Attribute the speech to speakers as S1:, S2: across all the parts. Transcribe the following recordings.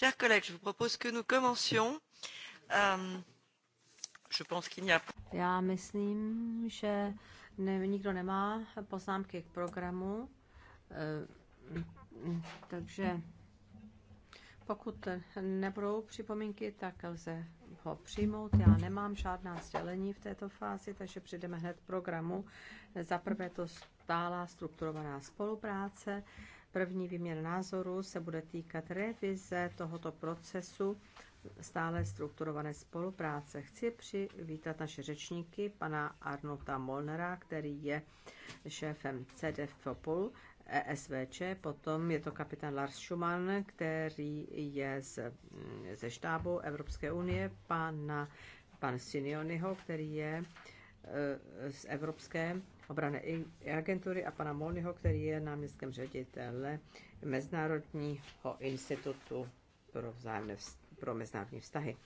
S1: Chers collègues, je vous propose que nous commencions. Euh, je pense qu'il n'y a...
S2: Já myslím, že ne, nikdo nemá poznámky k programu, eh, takže pokud nebudou připomínky, tak lze ho přijmout. Já nemám žádná sdělení v této fázi, takže přijdeme hned k programu. Za prvé to stálá strukturovaná spolupráce. První výměna názoru se bude týkat revize tohoto procesu stále strukturované spolupráce. Chci přivítat naše řečníky, pana Arnota Molnera, který je šéfem CDFOPOL, ESVČ, potom je to kapitán Lars Schumann, který je z, ze štábu Evropské unie, pana, pan Sinioniho, který je e, z Evropské obrané agentury a pana Molnyho, který je náměstkem ředitele Mezinárodního institutu pro, vzájemné, pro mezinárodní vztahy.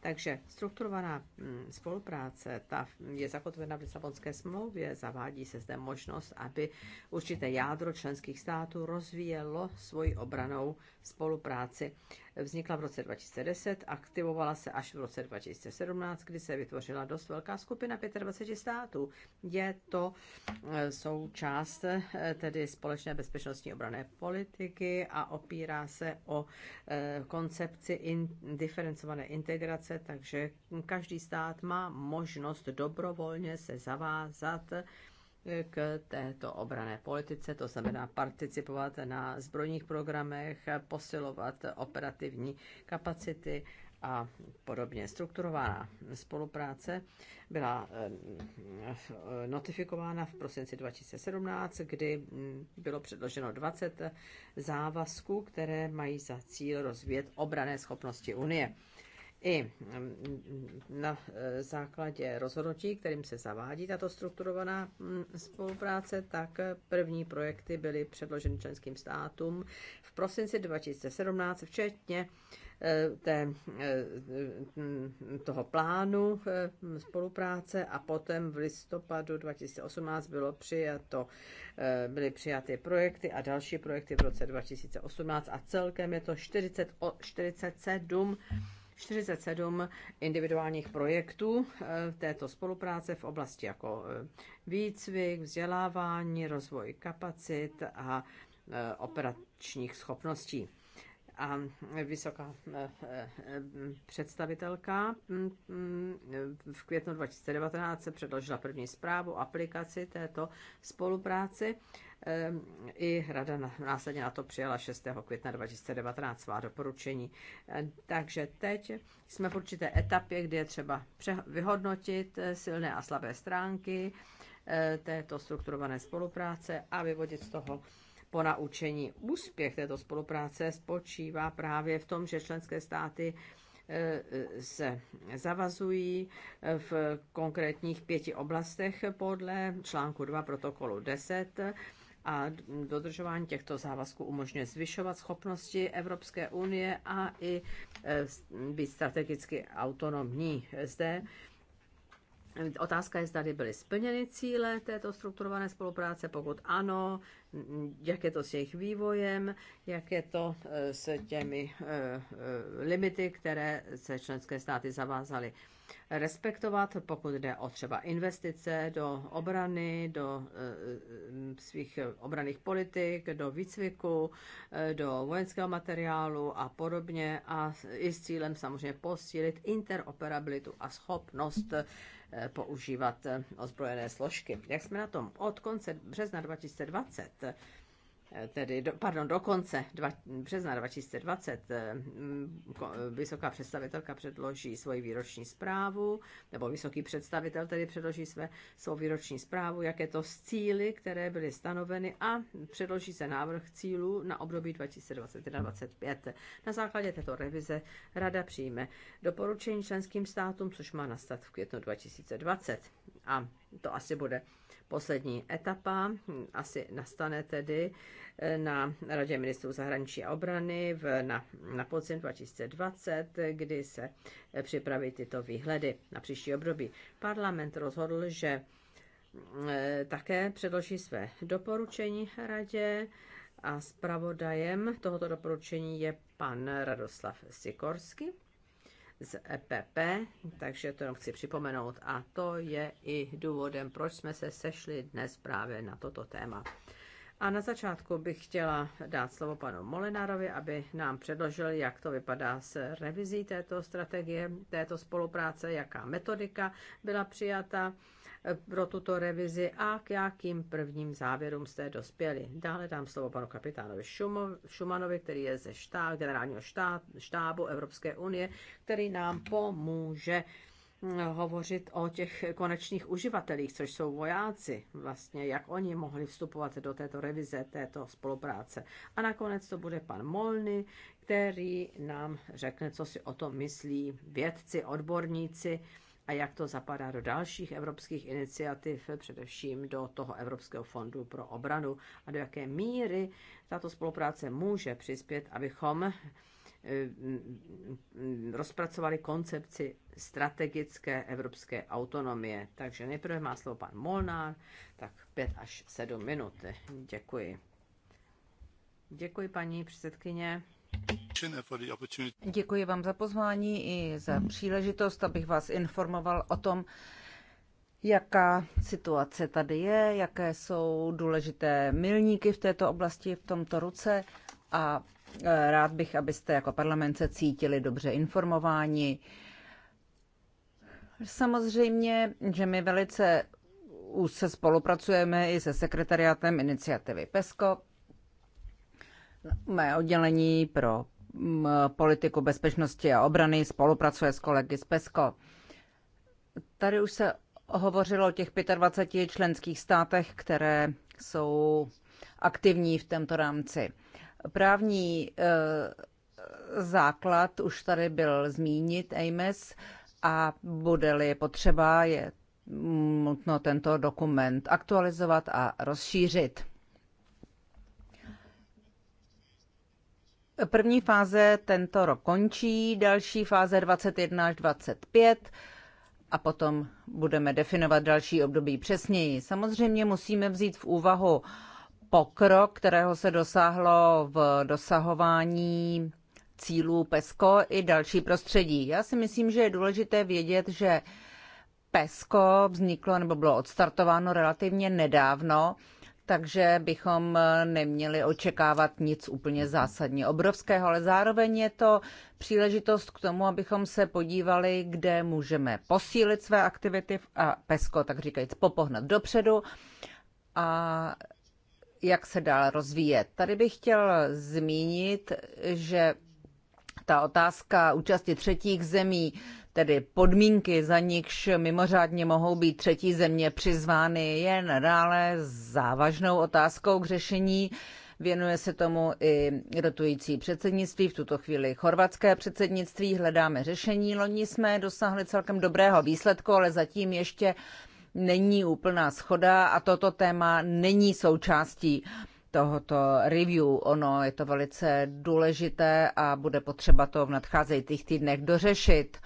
S2: Takže strukturovaná mm, spolupráce ta je zakotvena v Lisabonské smlouvě, zavádí se zde možnost, aby určité jádro členských států rozvíjelo svoji obranou spolupráci. Vznikla v roce 2010, aktivovala se až v roce 2017, kdy se vytvořila dost velká skupina 25 států. Je to e, součást e, tedy společné bezpečnostní obrané politiky a opírá se o e, koncepci indiferencované diferencované integrace integrace, takže každý stát má možnost dobrovolně se zavázat eh, k této obrané politice, to znamená participovat na zbrojních programech, posilovat operativní kapacity a podobně. Strukturovaná spolupráce byla eh, notifikována v prosinci 2017, kdy mm, bylo předloženo 20 závazků, které mají za cíl rozvíjet obrané schopnosti Unie i mm, mm, na e, základě rozhodnutí, kterým se zavádí tato strukturovaná mm, spolupráce, tak první projekty byly předloženy členským státům v prosinci 2017, včetně e, té, e, toho plánu spolupráce a potom v listopadu 2018 bylo přijato, byly přijaty projekty a další projekty v roce 2018 a celkem je to 40, 47 47 individuálních projektů eh, této spolupráce v oblasti jako eh, výcvik, vzdělávání, rozvoj kapacit a eh, operačních schopností a vysoká představitelka mm, mm, v květnu 2019 předložila první zprávu aplikaci této spolupráci Ehm, i rada následně na to přijala 6. května 2019 svá doporučení. Ehm, takže teď jsme v určité etapě, kdy je třeba vyhodnotit eh, silné a slabé stránky eh, této strukturované spolupráce a vyvodit z toho po naučení. Úspěch této spolupráce spočívá právě v tom, že členské státy eh, se zavazují v konkrétních pěti oblastech podle článku 2 protokolu 10 a dodržování těchto závazků umožňuje zvyšovat schopnosti Evropské unie a i e, být strategicky autonomní. Zde Otázka je, zda byly splněny cíle této strukturované spolupráce, pokud ano, jak je to s jejich vývojem, jak je to eh, s těmi eh, eh, limity, které se členské státy zavázaly respektovat, pokud jde o třeba investice do obrany, do svých obraných politik, do výcviku, do vojenského materiálu a podobně a i s cílem samozřejmě posílit interoperabilitu a schopnost Eh, používat eh, ozbrojené složky. Jak jsme na tom? Od konce března 2020 Eh, tedy do, pardon, do konce dva, března 2020 eh, vysoká představitelka předloží svoji výroční zprávu, nebo vysoký představitel tedy předloží své, svou výroční zprávu, jaké to z cíly, které byly stanoveny a předloží se návrh cílů na období 2021-2025. Na základě této revize Rada přijme doporučení členským státům, což má nastat v květnu 2020. A to asi bude Poslední etapa asi nastane tedy eh, na Radě ministrů zahraničí a obrany v, na, na podzim 2020, kdy se eh, připraví tyto výhledy na příští období. Parlament rozhodl, že mm, eh, také předloží své doporučení radě a zpravodajem tohoto doporučení je pan Radoslav Sikorsky z EPP, takže to jenom chci připomenout. A to je i důvodem, proč jsme se sešli dnes právě na toto téma. A na začátku bych chtěla dát slovo panu Molinárovi, aby nám předložil, jak to vypadá s revizí této strategie, této spolupráce, jaká metodika byla přijata pro tuto revizi a k jakým prvním závěrům jste dospěli. Dále dám slovo panu kapitánovi Šumanovi, který je ze štáb, generálního štáb, štábu Evropské unie, který nám pomůže hm, hovořit o těch konečných uživatelích, což jsou vojáci, vlastně, jak oni mohli vstupovat do této revize, této spolupráce. A nakonec to bude pan Molny, který nám řekne, co si o tom myslí vědci, odborníci, a jak to zapadá do dalších evropských iniciativ, především do toho Evropského fondu pro obranu a do jaké míry tato spolupráce může přispět, abychom eh, mm, rozpracovali koncepci strategické evropské autonomie. Takže nejprve má slovo pan Molnár, tak pět až sedm minut.
S3: Děkuji.
S1: Děkuji, paní předsedkyně. Děkuji vám za pozvání i za příležitost, abych vás informoval o tom, jaká situace tady je, jaké jsou důležité milníky v této oblasti, v tomto ruce a e, rád bych, abyste jako parlament se cítili dobře informováni. Samozřejmě, že my velice už se spolupracujeme i se sekretariátem iniciativy PESCO, mé oddělení pro politiku bezpečnosti a obrany, spolupracuje s kolegy z PESCO. Tady už se hovořilo o těch 25 členských státech, které jsou aktivní v tomto rámci. Právní e, základ už tady byl zmínit Ames a bude-li potřeba, je nutno tento dokument aktualizovat a rozšířit. První fáze tento rok končí, další fáze 21 až 25 a potom budeme definovat další období přesněji. Samozřejmě musíme vzít v úvahu pokrok, kterého se dosáhlo v dosahování cílů PESCO i další prostředí. Já si myslím, že je důležité vědět, že PESCO vzniklo nebo bylo odstartováno relativně nedávno takže bychom neměli očekávat nic úplně zásadně obrovského, ale zároveň je to příležitost k tomu, abychom se podívali, kde můžeme posílit své aktivity a PESCO, tak říkajíc, popohnat dopředu a jak se dál rozvíjet. Tady bych chtěl zmínit, že ta otázka účasti třetích zemí tedy podmínky, za nichž mimořádně mohou být třetí země přizvány, je nadále závažnou otázkou k řešení. Věnuje se tomu i rotující předsednictví, v tuto chvíli chorvatské předsednictví. Hledáme řešení. Loni jsme dosáhli celkem dobrého výsledku, ale zatím ještě není úplná schoda a toto téma není součástí tohoto review. Ono je to velice důležité a bude potřeba to v nadcházejících týdnech dořešit.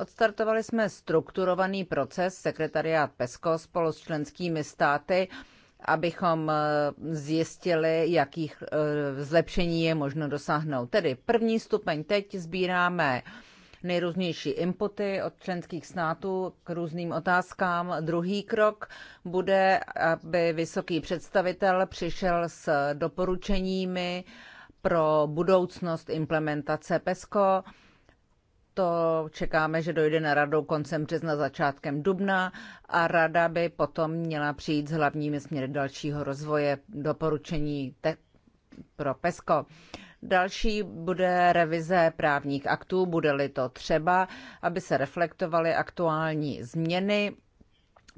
S1: Odstartovali jsme strukturovaný proces sekretariát PESCO spolu s členskými státy, abychom eh, zjistili, jakých eh, zlepšení je možno dosáhnout. Tedy první stupeň teď sbíráme nejrůznější inputy od členských států k různým otázkám. Druhý krok bude, aby vysoký představitel přišel s doporučeními pro budoucnost implementace PESCO to čekáme, že dojde na radu koncem března, začátkem dubna a rada by potom měla přijít s hlavními směry dalšího rozvoje doporučení te- pro PESCO. Další bude revize právních aktů, bude-li to třeba, aby se reflektovaly aktuální změny.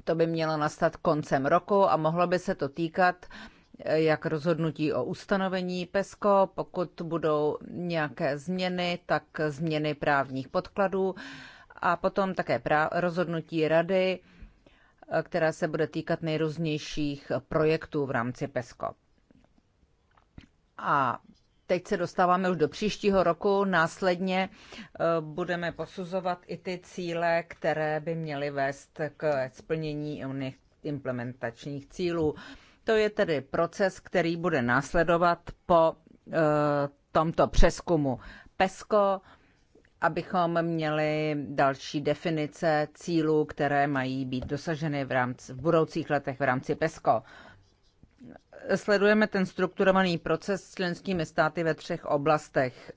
S1: To by mělo nastat koncem roku a mohlo by se to týkat uh, jak rozhodnutí o ustanovení PESCO, pokud budou nějaké změny, tak změny právních podkladů a potom také rozhodnutí rady, která se bude týkat nejrůznějších projektů v rámci PESCO. A teď se dostáváme už do příštího roku, následně eh, budeme posuzovat i ty cíle, které by měly vést k splnění implementačních cílů. To je tedy proces, který bude následovat po e, tomto přeskumu PESCO, abychom měli další definice cílů, které mají být dosaženy v, rámci, v budoucích letech v rámci PESCO. Sledujeme ten strukturovaný proces s členskými státy ve třech oblastech.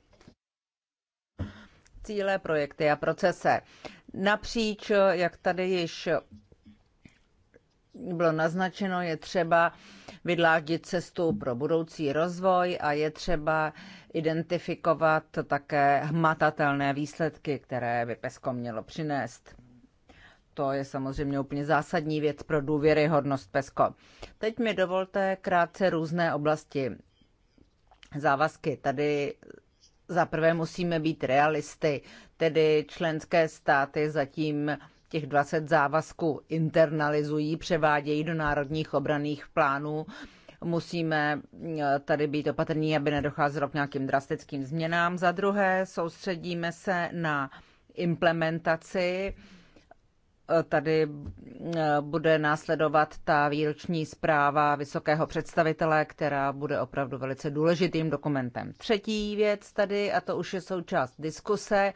S1: Cíle, projekty a procese. Napříč, jak tady již bylo naznačeno, je třeba vydládit cestu pro budoucí rozvoj a je třeba identifikovat také hmatatelné výsledky, které by PESCO mělo přinést. To je samozřejmě úplně zásadní věc pro důvěryhodnost PESCO. Teď mi dovolte krátce různé oblasti závazky. Tady za prvé musíme být realisty, tedy členské státy zatím těch 20 závazků internalizují, převádějí do národních obraných plánů. Musíme eh, tady být opatrní, aby nedocházelo k nějakým drastickým změnám. Za druhé, soustředíme se na implementaci. Eh, tady eh, bude následovat ta výroční zpráva vysokého představitele, která bude opravdu velice důležitým dokumentem. Třetí věc tady, a to už je součást diskuse,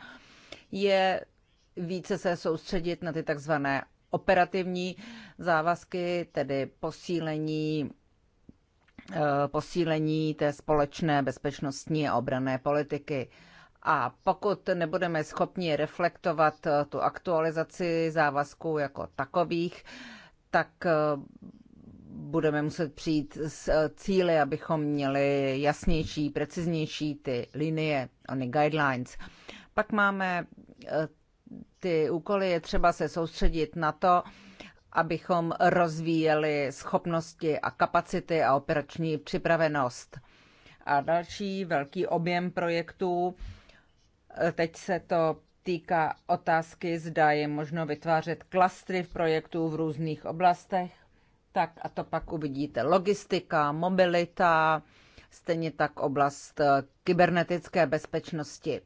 S1: je více se soustředit na ty takzvané operativní závazky, tedy posílení eh, posílení té společné bezpečnostní a obrané politiky. A pokud nebudeme schopni reflektovat eh, tu aktualizaci závazků jako takových, tak eh, budeme muset přijít s cíly, abychom měli jasnější, preciznější ty linie, ony guidelines. Pak máme ty úkoly, je třeba se soustředit na to, abychom rozvíjeli schopnosti a kapacity a operační připravenost. A další velký objem projektů, eh, teď se to týká otázky, zda je možno vytvářet klastry v projektů v různých oblastech. Tak a to pak uvidíte. Logistika, mobilita, stejně tak oblast eh, kybernetické bezpečnosti.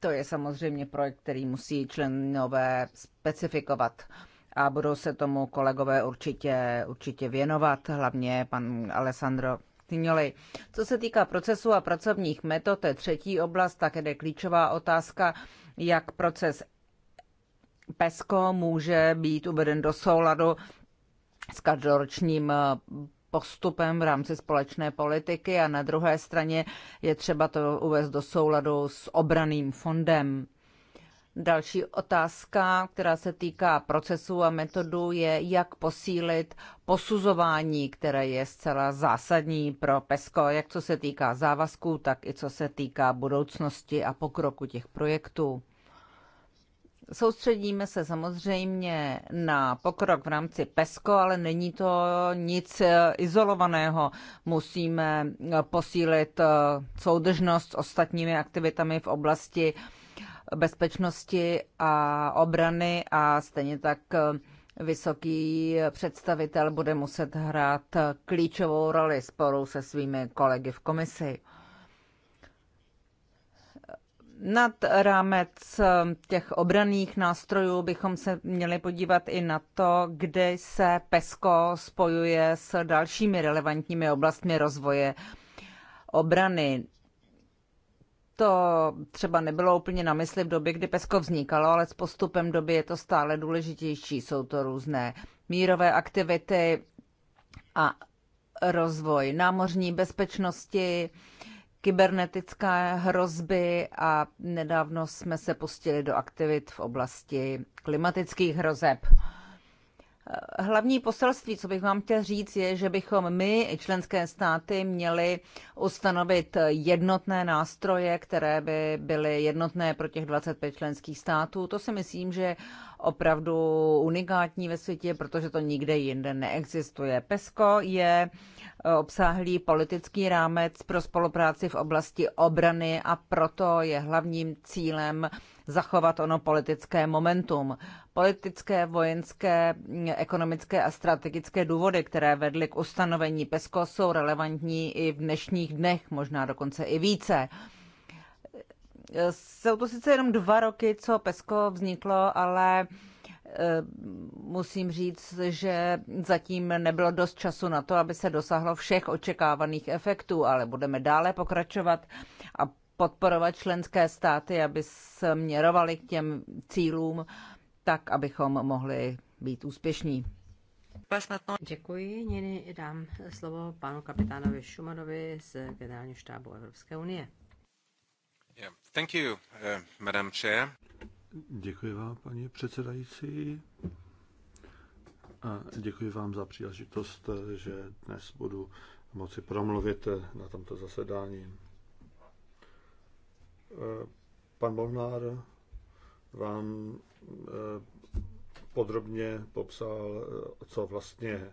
S1: To je samozřejmě projekt, který musí členové specifikovat a budou se tomu kolegové určitě, určitě věnovat, hlavně pan Alessandro Tignoli. Co se týká procesu a pracovních metod, to je třetí oblast, tak je klíčová otázka, jak proces PESCO může být uveden do souladu s každoročním postupem v rámci společné politiky a na druhé straně je třeba to uvést do souladu s obraným fondem. Další otázka, která se týká procesu a metodu, je, jak posílit posuzování, které je zcela zásadní pro PESCO, jak co se týká závazků, tak i co se týká budoucnosti a pokroku těch projektů. Soustředíme se samozřejmě na pokrok v rámci PESCO, ale není to nic eh, izolovaného. Musíme eh, posílit eh, soudržnost s ostatními aktivitami v oblasti bezpečnosti a obrany a stejně tak vysoký představitel bude muset hrát klíčovou roli spolu se svými kolegy v komisi nad rámec ehm, těch obraných nástrojů bychom se měli podívat i na to, kde se PESCO spojuje s dalšími relevantními oblastmi rozvoje obrany. To třeba nebylo úplně na mysli v době, kdy PESCO vznikalo, ale s postupem doby je to stále důležitější. Jsou to různé mírové aktivity a rozvoj námořní bezpečnosti, kybernetické hrozby a nedávno jsme se pustili do aktivit v oblasti klimatických hrozeb. Hlavní poselství, co bych vám chtěl říct, je, že bychom my i členské státy měli ustanovit jednotné nástroje, které by byly jednotné pro těch 25 členských států. To si myslím, že je opravdu unikátní ve světě, protože to nikde jinde neexistuje. PESCO je uh, obsáhlý politický rámec pro spolupráci v oblasti obrany a proto je hlavním cílem zachovat ono politické momentum. Politické, vojenské, ekonomické a strategické důvody, které vedly k ustanovení PESCO, jsou relevantní i v dnešních dnech, možná dokonce i více. Jsou to sice jenom dva roky, co PESCO vzniklo, ale Eh, musím říct, že zatím nebylo dost času na to, aby se dosáhlo všech očekávaných efektů, ale budeme dále pokračovat a podporovat členské státy, aby směrovali k těm cílům, tak abychom mohli být úspěšní.
S2: Děkuji. Nyní dám slovo panu kapitánovi Šumanovi z Generálního štábu Evropské unie. Yeah. Thank you, uh, Madam Chair.
S3: Děkuji vám, paní předsedající. A děkuji vám za příležitost, že dnes budu moci promluvit na tomto zasedání. Pan Molnár vám eh, podrobně popsal, eh, co vlastně eh,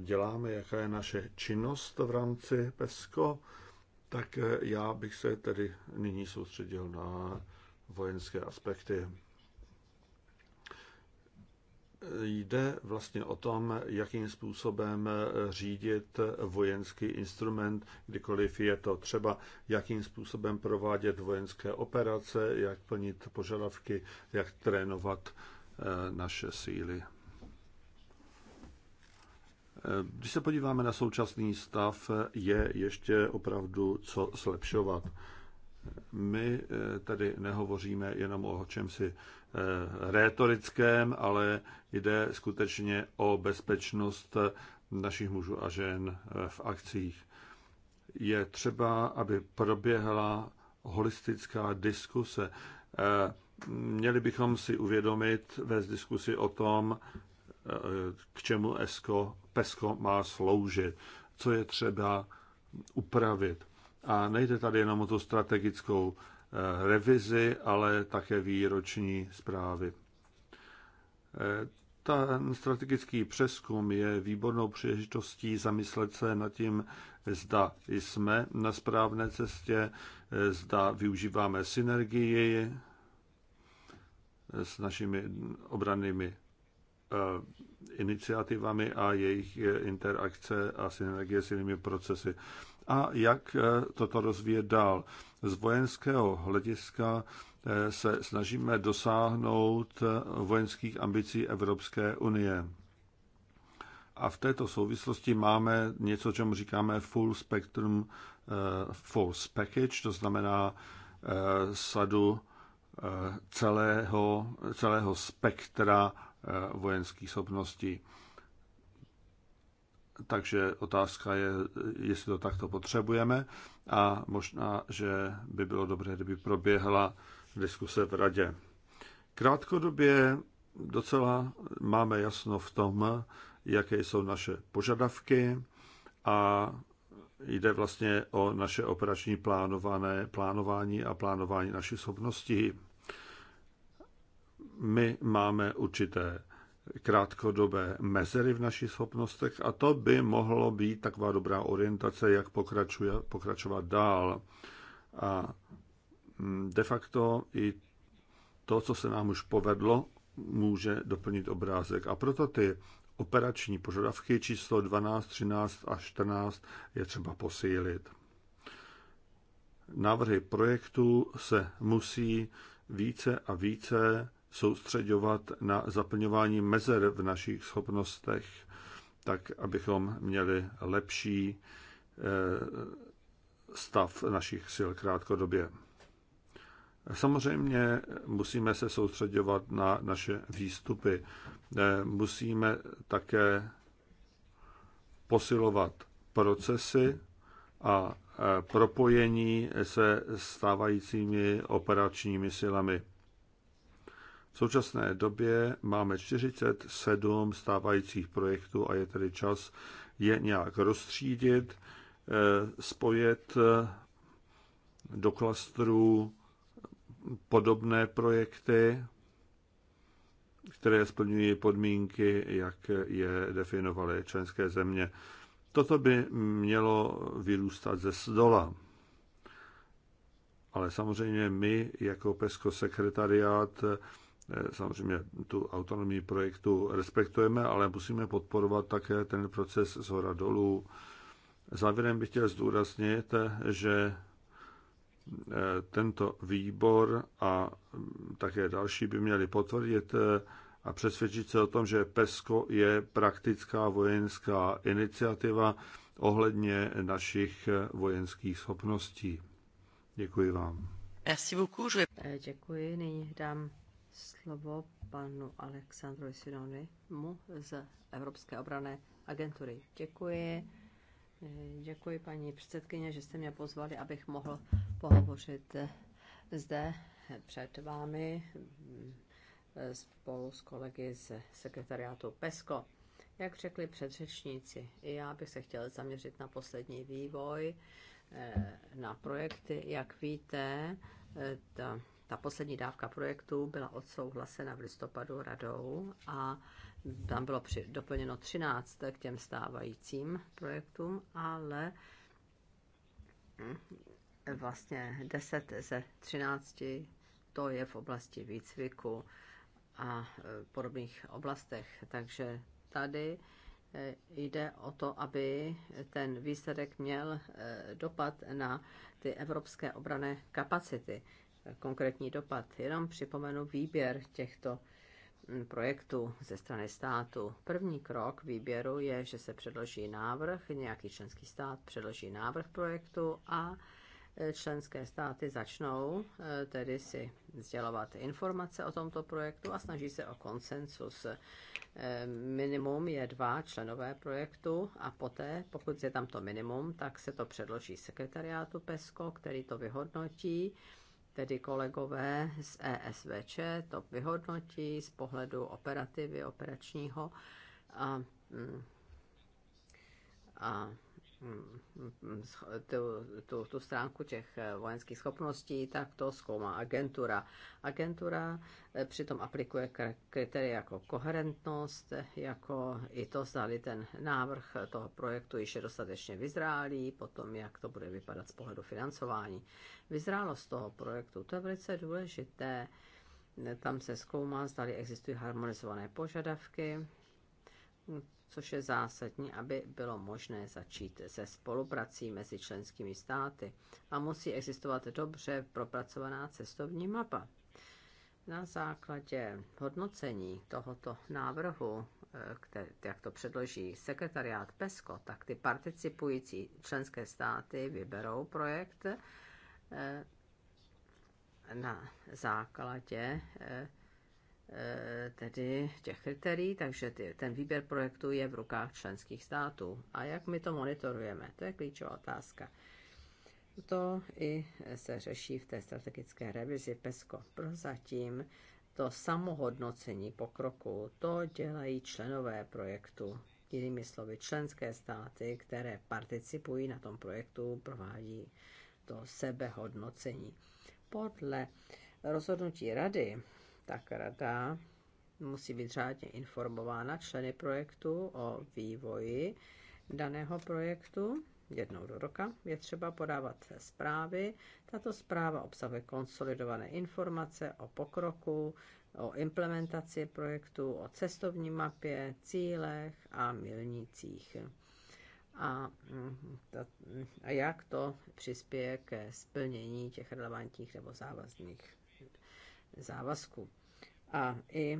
S3: děláme, jaká je naše činnost v rámci PESCO, tak já bych se tedy nyní soustředil na vojenské aspekty. Jde vlastně o tom, jakým způsobem řídit vojenský instrument, kdykoliv je to třeba, jakým způsobem provádět vojenské operace, jak plnit požadavky, jak trénovat eh, naše síly. Eh, když se podíváme na současný stav, je ještě opravdu co zlepšovat my eh, tady nehovoříme jenom o čemsi eh, rétorickém, ale jde skutečně o bezpečnost eh, našich mužů a žen v akcích. Je třeba, aby proběhla holistická diskuse. Měli bychom si uvědomit, vést diskusi o tom, k čemu ESCO, PESCO má sloužit, co je třeba upravit. A nejde tady jenom o tu strategickou eh, revizi, ale také výroční zprávy. Eh, ten strategický přeskum je výbornou příležitostí zamyslet se nad tím, zda jsme na správné cestě, eh, zda využíváme synergii s našimi obrannými iniciativami a jejich interakce a synergie s jinými procesy a jak eh, toto rozvíjet dál. Z vojenského hlediska eh, se snažíme dosáhnout eh, vojenských ambicí Evropské unie. A v této souvislosti máme něco, čemu říkáme full spectrum force package, to znamená sadu celého, celého spektra vojenských schopností. Takže otázka je, jestli to takto potřebujeme a možná, že by bylo dobré, kdyby proběhla diskuse v radě. Krátkodobě docela máme jasno v tom, jaké jsou naše požadavky a jde vlastně o naše operační plánované, plánování a plánování našich schopností. My máme určité krátkodobé mezery v našich schopnostech a to by mohlo být taková dobrá orientace, jak pokračuje, pokračovat dál. A mm, de facto i to, co se nám už povedlo, může doplnit obrázek. A proto ty operační požadavky číslo 12, 13 a 14 je třeba posílit. Návrhy projektů se musí více a více soustředovat na zaplňování mezer v našich schopnostech, tak abychom měli lepší eh, stav našich sil krátkodobě. Samozřejmě musíme se soustředovat na naše výstupy. Eh, musíme také posilovat procesy a eh, propojení se stávajícími operačními silami. V současné době máme 47 stávajících projektů a je tedy čas je nějak rozstřídit, eh, spojit eh, do klastrů podobné projekty, které splňují podmínky, jak je definovaly členské země. Toto by mělo vyrůstat ze zdola. Ale samozřejmě my jako PESCO sekretariát Eh, samozřejmě tu autonomii projektu respektujeme, ale musíme podporovat také ten proces z hora dolů. Závěrem bych chtěl zdůraznit, že eh, tento výbor a mm, také další by měli potvrdit eh, a přesvědčit se o tom, že PESCO je praktická vojenská iniciativa ohledně našich vojenských schopností. Děkuji vám.
S2: Merci beaucoup. Děkuji. Nyní dám slovo panu Aleksandru Sidonimu z Evropské obrané agentury. Děkuji. Děkuji, paní předsedkyně, že jste mě pozvali, abych mohl pohovořit zde před vámi spolu s kolegy z sekretariátu PESCO. Jak řekli předřečníci, i já bych se chtěl zaměřit na poslední vývoj, eh, na projekty. Jak víte, eh, ta ta poslední dávka projektu byla odsouhlasena v listopadu radou a tam bylo při, doplněno 13 k těm stávajícím projektům, ale mm, vlastně 10 ze 13 to je v oblasti výcviku a e, podobných oblastech. Takže tady e, jde o to, aby ten výsledek měl e, dopad na ty evropské obrané kapacity konkrétní dopad. Jenom připomenu výběr těchto mm, projektů ze strany státu. První krok výběru je, že se předloží návrh, nějaký členský stát předloží návrh projektu a e, členské státy začnou e, tedy si sdělovat informace o tomto projektu a snaží se o konsensus. E, minimum je dva členové projektu a poté, pokud je tam to minimum, tak se to předloží sekretariátu PESCO, který to vyhodnotí tedy kolegové z ESVČ to vyhodnotí z pohledu operativy operačního a, mm, a Mm, tu, tu, stránku těch eh, vojenských schopností, tak to zkoumá agentura. Agentura eh, přitom aplikuje kritéria jako koherentnost, eh, jako i to, zda ten návrh toho projektu již je dostatečně vyzrálý, potom jak to bude vypadat z pohledu financování. Vyzrálost toho projektu, to je velice důležité. Tam se zkoumá, zda existují harmonizované požadavky, což je zásadní, aby bylo možné začít se spoluprací mezi členskými státy a musí existovat dobře propracovaná cestovní mapa. Na základě hodnocení tohoto návrhu, eh, který, jak to předloží sekretariát PESCO, tak ty participující členské státy vyberou projekt eh, na základě eh, Eh, tedy těch kritérií, takže ty, ten výběr projektů je v rukách členských států. A jak my to monitorujeme? To je klíčová otázka. To i se řeší v té strategické revizi PESCO. Prozatím to samohodnocení pokroku, to dělají členové projektu. Jinými slovy, členské státy, které participují na tom projektu, provádí to sebehodnocení. Podle rozhodnutí rady tak rada musí být řádně informována členy projektu o vývoji daného projektu. Jednou do roka je třeba podávat zprávy. Tato zpráva obsahuje konsolidované informace o pokroku, o implementaci projektu, o cestovní mapě, cílech a milnících. A, a jak to přispěje ke splnění těch relevantních nebo závazných závazku. A i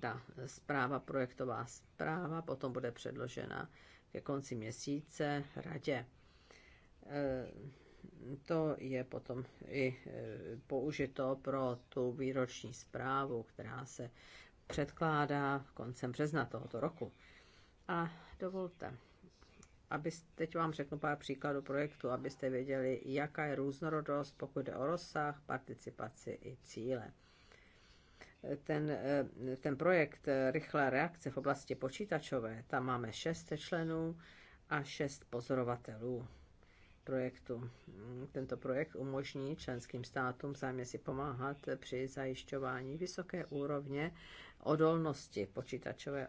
S2: ta zpráva, projektová zpráva, potom bude předložena ke konci měsíce radě. E, to je potom i e, použito pro tu výroční zprávu, která se předkládá koncem března tohoto roku. A dovolte, aby, teď vám řeknu pár příkladů projektu, abyste věděli, jaká je různorodost, pokud jde o rozsah, participaci i cíle. Ten, eh, ten projekt eh, Rychlé reakce v oblasti počítačové, tam máme šest členů a šest pozorovatelů projektu. Mm, tento projekt umožní členským státům vzájemně si pomáhat při zajišťování vysoké úrovně odolnosti počítačové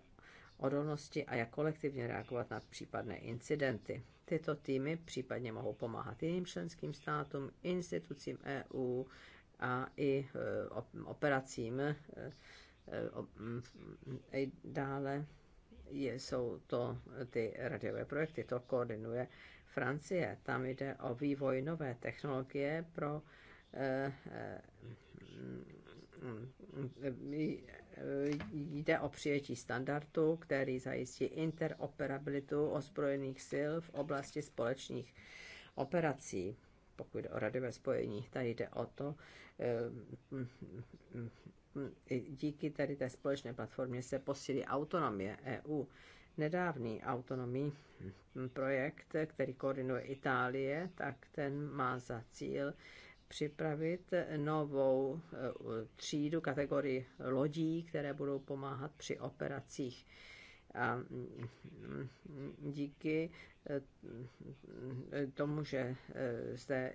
S2: odolnosti a jak kolektivně reagovat na případné incidenty. Tyto týmy případně mohou pomáhat jiným členským státům, institucím EU a i e, operacím. E, e, dále jsou to ty radiové projekty, to koordinuje Francie. Tam jde o vývoj nové technologie pro jde o přijetí standardu, který zajistí interoperabilitu ozbrojených sil v oblasti společných operací. Pokud jde o radové spojení, tady jde o to, eh, díky tady té společné platformě se posílí autonomie EU. Nedávný autonomní projekt, který koordinuje Itálie, tak ten má za cíl připravit novou eh, třídu kategorii lodí, které budou pomáhat při operacích. A mm, díky eh, tomu, že eh, zde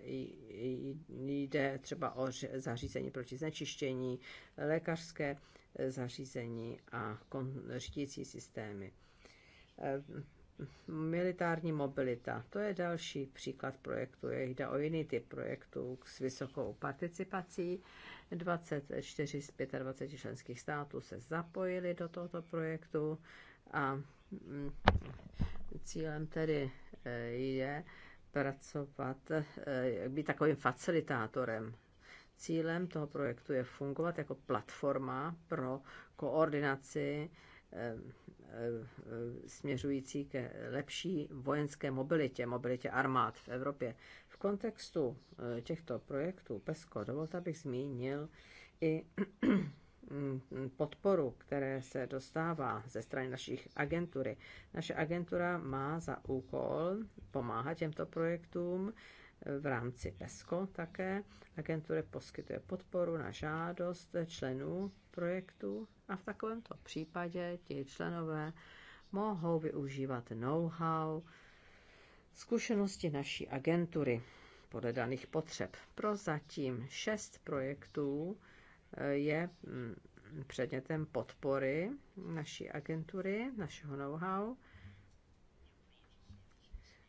S2: jde třeba o zařízení proti znečištění, lékařské zařízení a řídící systémy Militární mobilita. To je další příklad projektu. Jde o jiný typ projektů s vysokou participací. 24 z 25 členských států se zapojili do tohoto projektu a mm, cílem tedy e, je pracovat, e, být takovým facilitátorem. Cílem toho projektu je fungovat jako platforma pro koordinaci Eh, eh, směřující ke lepší vojenské mobilitě, mobilitě armád v Evropě. V kontextu eh, těchto projektů PESCO dovolte, abych zmínil i podporu, které se dostává ze strany našich agentury. Naše agentura má za úkol pomáhat těmto projektům v rámci PESCO také. Agentura poskytuje podporu na žádost členů projektu a v takovémto případě ti členové mohou využívat know-how, zkušenosti naší agentury podle daných potřeb. Pro zatím šest projektů eh, je mm, předmětem podpory naší agentury, našeho know-how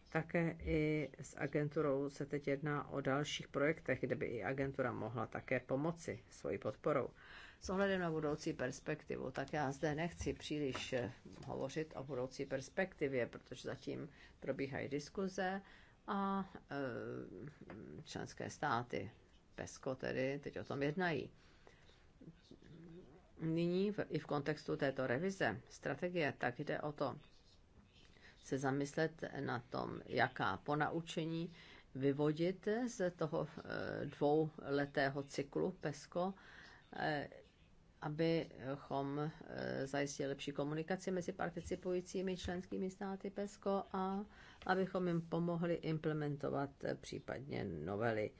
S2: také i s agenturou se teď jedná o dalších projektech, kde by i agentura mohla také pomoci svojí podporou. S ohledem na budoucí perspektivu, tak já zde nechci příliš eh, hovořit o budoucí perspektivě, protože zatím probíhají diskuze a e, členské státy, PESCO tedy, teď o tom jednají. Nyní v, i v kontextu této revize strategie, tak jde o to, se zamyslet na tom, jaká ponaučení vyvodit z toho eh, dvouletého cyklu PESCO, eh, abychom eh, zajistili lepší komunikaci mezi participujícími členskými státy PESCO a abychom jim pomohli implementovat případně novely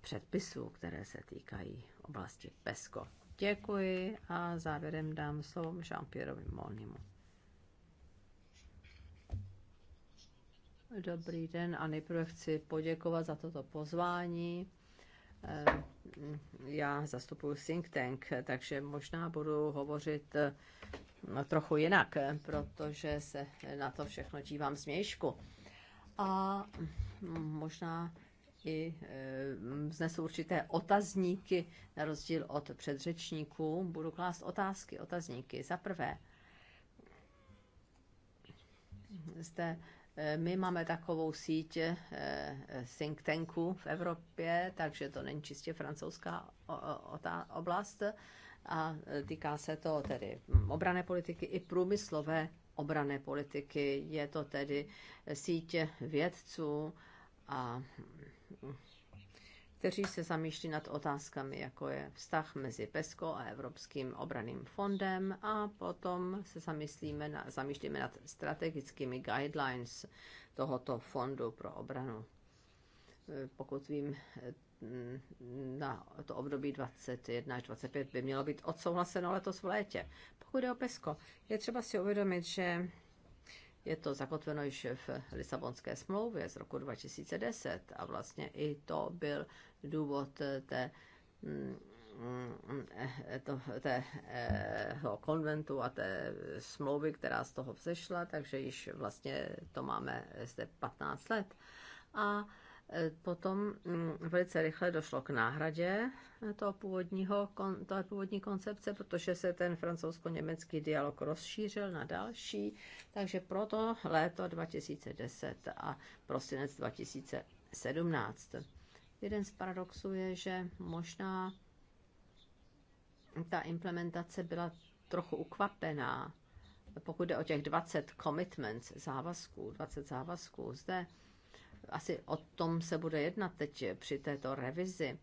S2: předpisů, které se týkají oblasti PESCO. Děkuji a závěrem dám slovo Jean-Pierre Molnimu. Dobrý den a nejprve chci poděkovat za toto pozvání. Ehm, já zastupuji Think Tank, takže možná budu hovořit no, trochu jinak, protože se na to všechno dívám změšku. A možná i ehm, vznesu určité otazníky, na rozdíl od předřečníků. Budu klást otázky, otazníky. Za prvé, zde Eh, my máme takovou síť eh, eh, think tanků v Evropě, takže to není čistě francouzská oblast a týká se to tedy obrané politiky i průmyslové obrané politiky. Je to tedy síť vědců a hm, kteří se zamýšlí nad otázkami, jako je vztah mezi PESCO a Evropským obraným fondem a potom se zamyslíme na, zamýšlíme nad strategickými guidelines tohoto fondu pro obranu. E, pokud vím, e, na to období 21 až 25 by mělo být odsouhlaseno letos v létě. Pokud je o PESCO, je třeba si uvědomit, že je to zakotveno již v Lisabonské smlouvě z roku 2010 a vlastně i to byl důvod té mm, to, tého konventu a té smlouvy, která z toho vzešla, takže již vlastně to máme zde 15 let. A Eh, potom mm, velice rychle došlo k náhradě eh, toho původního, toho původní koncepce, protože se ten francouzsko-německý dialog rozšířil na další, takže proto léto 2010 a prosinec 2017. Jeden z paradoxů je, že možná ta implementace byla trochu ukvapená, pokud jde o těch 20 commitments, závazků, 20 závazků zde, asi o tom se bude jednat teď při této revizi.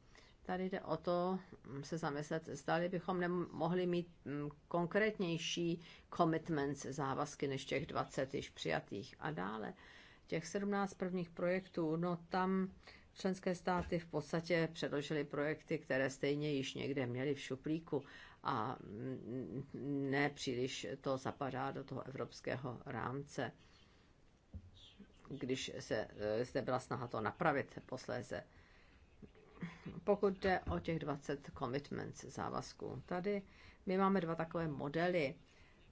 S2: Tady jde o to mm, se zamyslet, zdali bychom nemohli mít mm, konkrétnější commitments, závazky než těch 20 již přijatých. A dále těch 17 prvních projektů, no tam členské státy v podstatě předložily projekty, které stejně již někde měly v šuplíku a mm, nepříliš to zapadá do toho evropského rámce když se eh, zde byla snaha to napravit posléze. Pokud jde o těch 20 commitments závazků, tady my máme dva takové modely,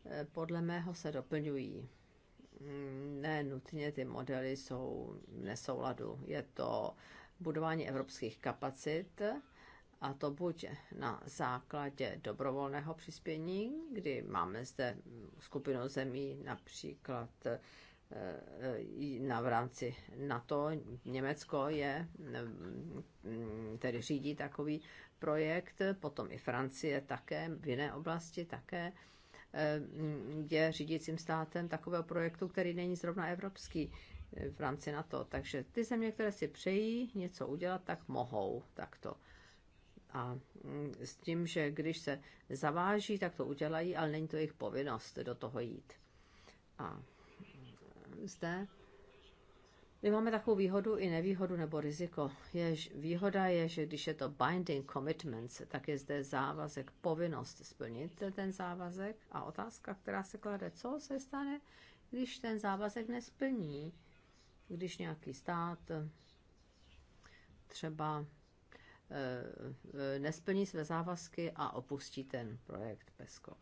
S2: eh, podle mého se doplňují. Mm, ne nutně ty modely jsou nesouladu. Je to budování evropských kapacit, a to buď na základě dobrovolného přispění, kdy máme zde skupinu zemí, například Eh, na, v rámci NATO Německo je, mm, tedy řídí takový projekt, potom i Francie také, v jiné oblasti také eh, je řídícím státem takového projektu, který není zrovna evropský eh, v rámci NATO. Takže ty země, které si přejí něco udělat, tak mohou takto. A mm, s tím, že když se zaváží, tak to udělají, ale není to jejich povinnost do toho jít. A zde my máme takovou výhodu i nevýhodu nebo riziko. Jež, výhoda je, že když je to binding commitments, tak je zde závazek, povinnost splnit ten závazek. A otázka, která se klade, co se stane, když ten závazek nesplní, když nějaký stát eh, třeba e, nesplní své závazky a opustí ten projekt PESCO.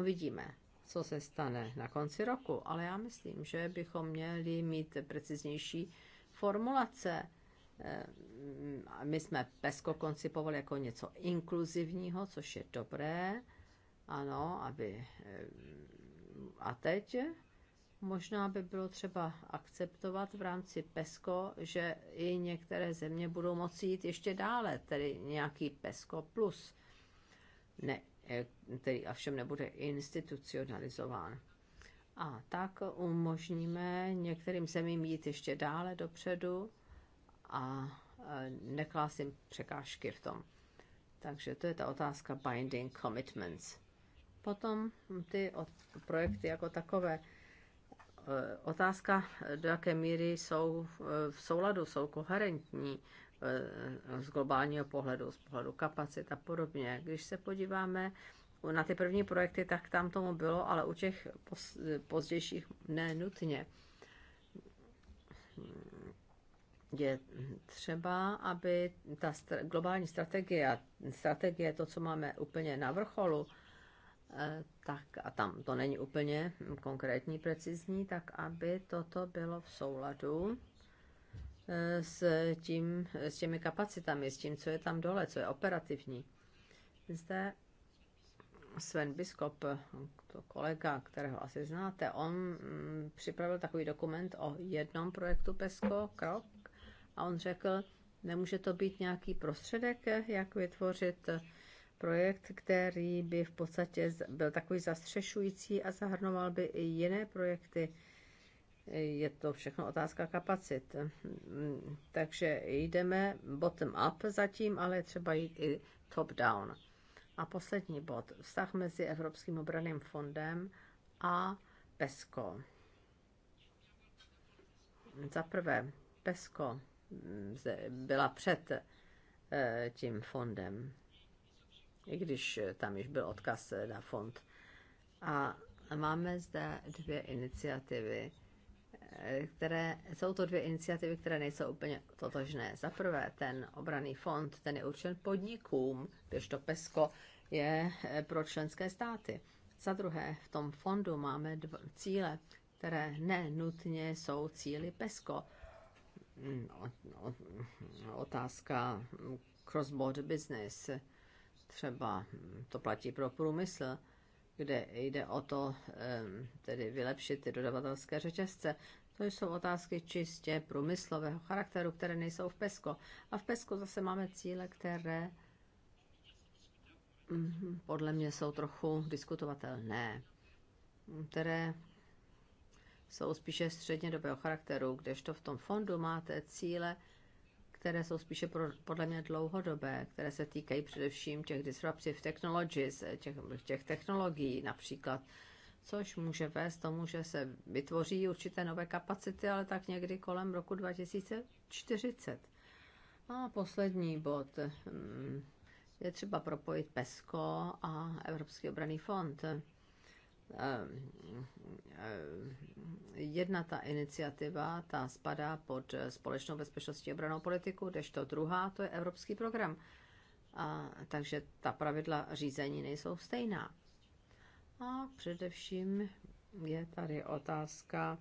S2: Uvidíme, co se stane na konci roku, ale já myslím, že bychom měli mít preciznější formulace. Eh, my jsme PESCO koncipovali jako něco inkluzivního, což je dobré, ano, aby... Eh, a teď možná by bylo třeba akceptovat v rámci PESCO, že i některé země budou moci jít ještě dále, tedy nějaký PESCO plus. Ne, Eh, který a všem nebude institucionalizován. A tak umožníme některým zemím jít ještě dále dopředu a eh, neklást jim překážky v tom. Takže to je ta otázka binding commitments. Potom ty projekty jako takové. Eh, otázka, do jaké míry jsou v souladu, jsou koherentní Eh, z globálního pohledu, z pohledu kapacit a podobně. Když se podíváme na ty první projekty, tak tam tomu bylo, ale u těch pozdějších ne nutně. Je třeba, aby ta globální strategie, strategie, to, co máme úplně na vrcholu, eh, tak a tam to není úplně konkrétní, precizní, tak aby toto bylo v souladu s, tím, s těmi kapacitami, s tím, co je tam dole, co je operativní. Zde Sven Biskop, to kolega, kterého asi znáte, on mm, připravil takový dokument o jednom projektu PESCO, krok, a on řekl, nemůže to být nějaký prostředek, jak vytvořit projekt, který by v podstatě byl takový zastřešující a zahrnoval by i jiné projekty, je to všechno otázka kapacit. Takže jdeme bottom up zatím, ale třeba jít i top down. A poslední bod, vztah mezi Evropským obraným fondem a PESCO. Za prvé, PESCO byla před eh, tím fondem, i když tam již byl odkaz na fond. A máme zde dvě iniciativy které, jsou to dvě iniciativy, které nejsou úplně totožné. Za prvé, ten obraný fond, ten je určen podnikům, to PESCO je eh, pro členské státy. Za druhé, v tom fondu máme cíle, které nenutně jsou cíly PESCO. Hmm, otázka hmm, cross-border business, třeba hmm, to platí pro průmysl, kde jde o to ehm, tedy vylepšit ty dodavatelské řetězce. To jsou otázky čistě průmyslového charakteru, které nejsou v PESCO. A v PESCO zase máme cíle, které mhm, podle mě jsou trochu diskutovatelné, které jsou spíše střednědobého charakteru, kdežto v tom fondu máte cíle, které jsou spíše pro, podle mě dlouhodobé, které se týkají především těch disruptive technologies, těch, těch technologií například, což může vést tomu, že se vytvoří určité nové kapacity, ale tak někdy kolem roku 2040. A poslední bod. Hmm, je třeba propojit PESCO a Evropský obraný fond. Ehm, ehm, jedna ta iniciativa, ta spadá pod společnou bezpečnostní obranou politiku, kdežto druhá, to je Evropský program. A, takže ta pravidla řízení nejsou stejná. A především je tady otázka,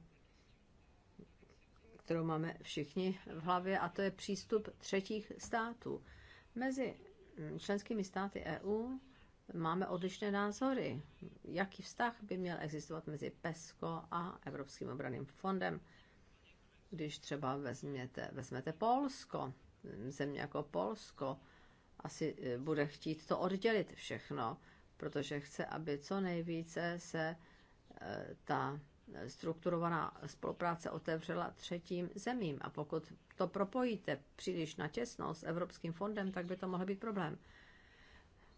S2: kterou máme všichni v hlavě, a to je přístup třetích států. Mezi členskými státy EU máme odlišné názory. Jaký vztah by měl existovat mezi PESCO a Evropským obraným fondem? Když třeba vezměte, vezmete Polsko, země jako Polsko, asi eh, bude chtít to oddělit všechno protože chce, aby co nejvíce se eh, ta strukturovaná spolupráce otevřela třetím zemím. A pokud to propojíte příliš těsno s Evropským fondem, tak by to mohl být problém.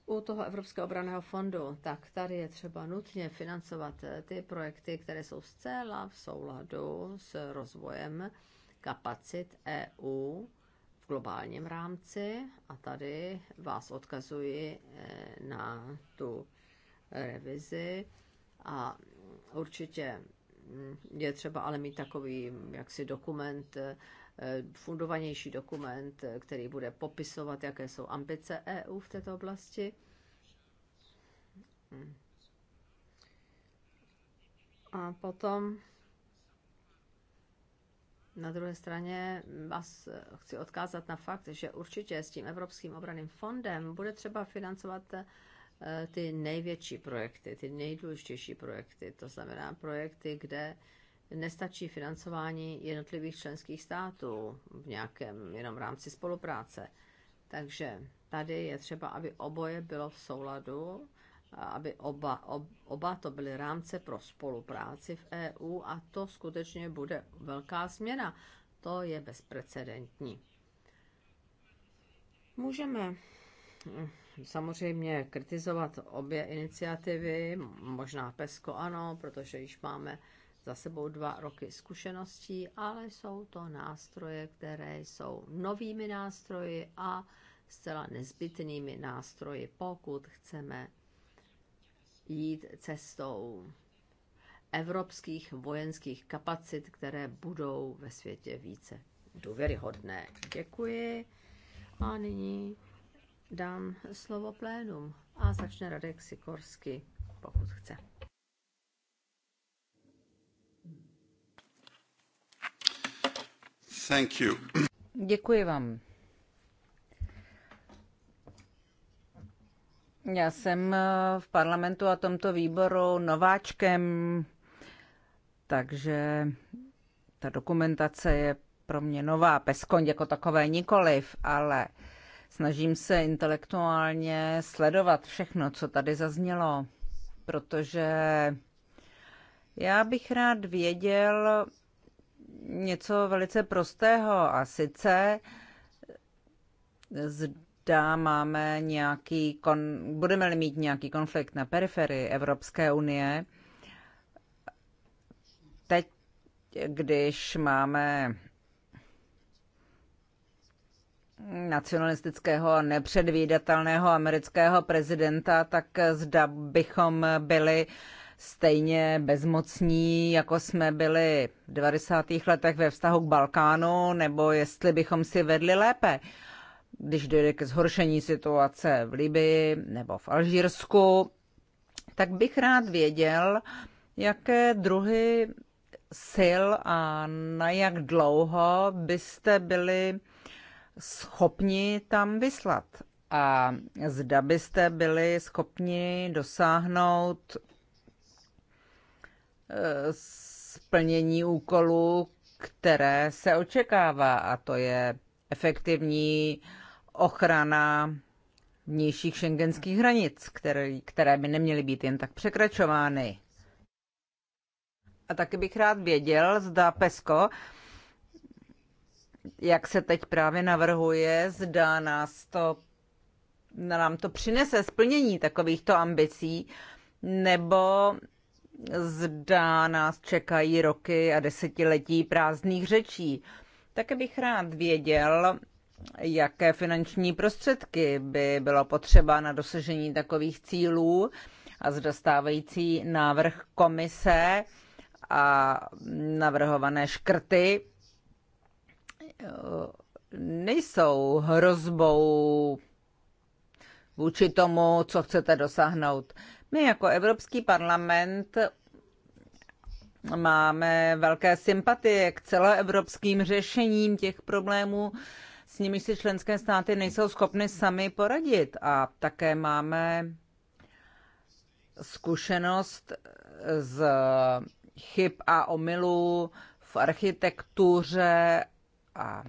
S2: U toho Evropského obraného fondu, tak tady je třeba nutně financovat eh, ty projekty, které jsou zcela v souladu s rozvojem kapacit EU globálním rámci a tady vás odkazuji eh, na tu revizi a určitě mm, je třeba ale mít takový jaksi dokument, eh, fundovanější dokument, eh, který bude popisovat, jaké jsou ambice EU v této oblasti. Mm. A potom na druhé straně vás chci odkázat na fakt, že určitě s tím Evropským obraným fondem bude třeba financovat eh, ty největší projekty, ty nejdůležitější projekty, to znamená projekty, kde nestačí financování jednotlivých členských států v nějakém jenom rámci spolupráce. Takže tady je třeba, aby oboje bylo v souladu aby oba, ob, oba to byly rámce pro spolupráci v EU a to skutečně bude velká změna. To je bezprecedentní. Můžeme hm, samozřejmě kritizovat obě iniciativy, možná PESCO ano, protože již máme za sebou dva roky zkušeností, ale jsou to nástroje, které jsou novými nástroji a zcela nezbytnými nástroji, pokud chceme jít cestou evropských vojenských kapacit, které budou ve světě více důvěryhodné. Děkuji. A nyní dám slovo plénum a začne Radek Sikorsky,
S1: pokud chce. Thank you. Děkuji vám. Já jsem eh, v parlamentu a tomto výboru nováčkem, takže ta dokumentace je pro mě nová, peskoň jako takové nikoliv, ale snažím se intelektuálně sledovat všechno, co tady zaznělo, protože já bych rád věděl něco velice prostého a sice, zda máme nějaký, kon, budeme-li mít nějaký konflikt na periferii Evropské unie, teď, když máme nacionalistického nepředvídatelného amerického prezidenta, tak zda bychom byli stejně bezmocní, jako jsme byli v 90. letech ve vztahu k Balkánu, nebo jestli bychom si vedli lépe. Uh, když dojde ke zhoršení situace v Libii nebo v Alžírsku, tak bych rád věděl, jaké druhy sil a na jak dlouho byste byli schopni tam vyslat. A zda byste byli schopni dosáhnout eh, splnění úkolů, které se očekává, a to je efektivní ochrana vnějších šengenských hranic, které, které by neměly být jen tak překračovány. A taky bych rád věděl, zda PESCO, jak se teď právě navrhuje, zda nás to, nám to přinese splnění takovýchto ambicí, nebo zda nás čekají roky a desetiletí prázdných řečí. Také bych rád věděl, jaké finanční prostředky by bylo potřeba na dosažení takových cílů a zdostávající návrh komise a navrhované škrty eh, nejsou hrozbou vůči tomu, co chcete dosáhnout. My jako Evropský parlament máme velké sympatie k celoevropským řešením těch problémů, nimi si členské státy nejsou schopny sami poradit. A také máme zkušenost z chyb a omylů v architektuře a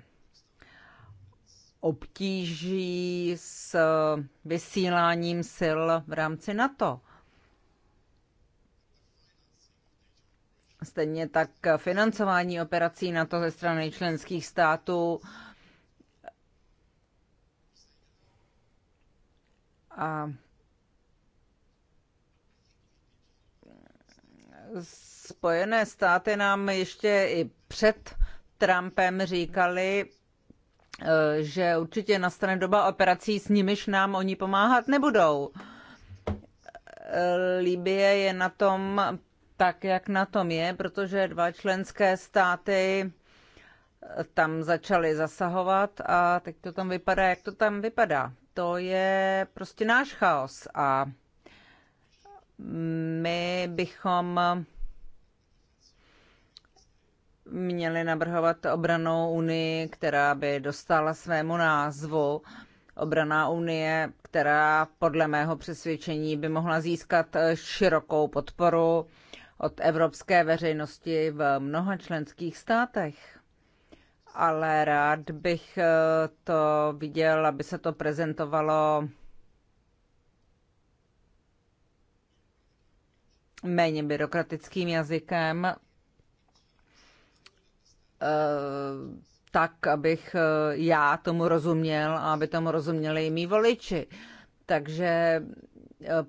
S1: obtíží s vysíláním sil v rámci NATO. Stejně tak financování operací NATO ze strany členských států A Spojené státy nám ještě i před Trumpem říkali, eh, že určitě nastane doba operací, s nimiž nám oni pomáhat nebudou. Eh, Libie je na tom tak, jak na tom je, protože dva členské státy eh, tam začaly zasahovat a teď to tam vypadá, jak to tam vypadá to je prostě náš chaos a my bychom měli nabrhovat obranou unii, která by dostala svému názvu. Obraná unie, která podle mého přesvědčení by mohla získat širokou podporu od evropské veřejnosti v mnoha členských státech ale rád bych eh, to viděl, aby se to prezentovalo méně byrokratickým jazykem, eh, tak, abych eh, já tomu rozuměl a aby tomu rozuměli i mý voliči. Takže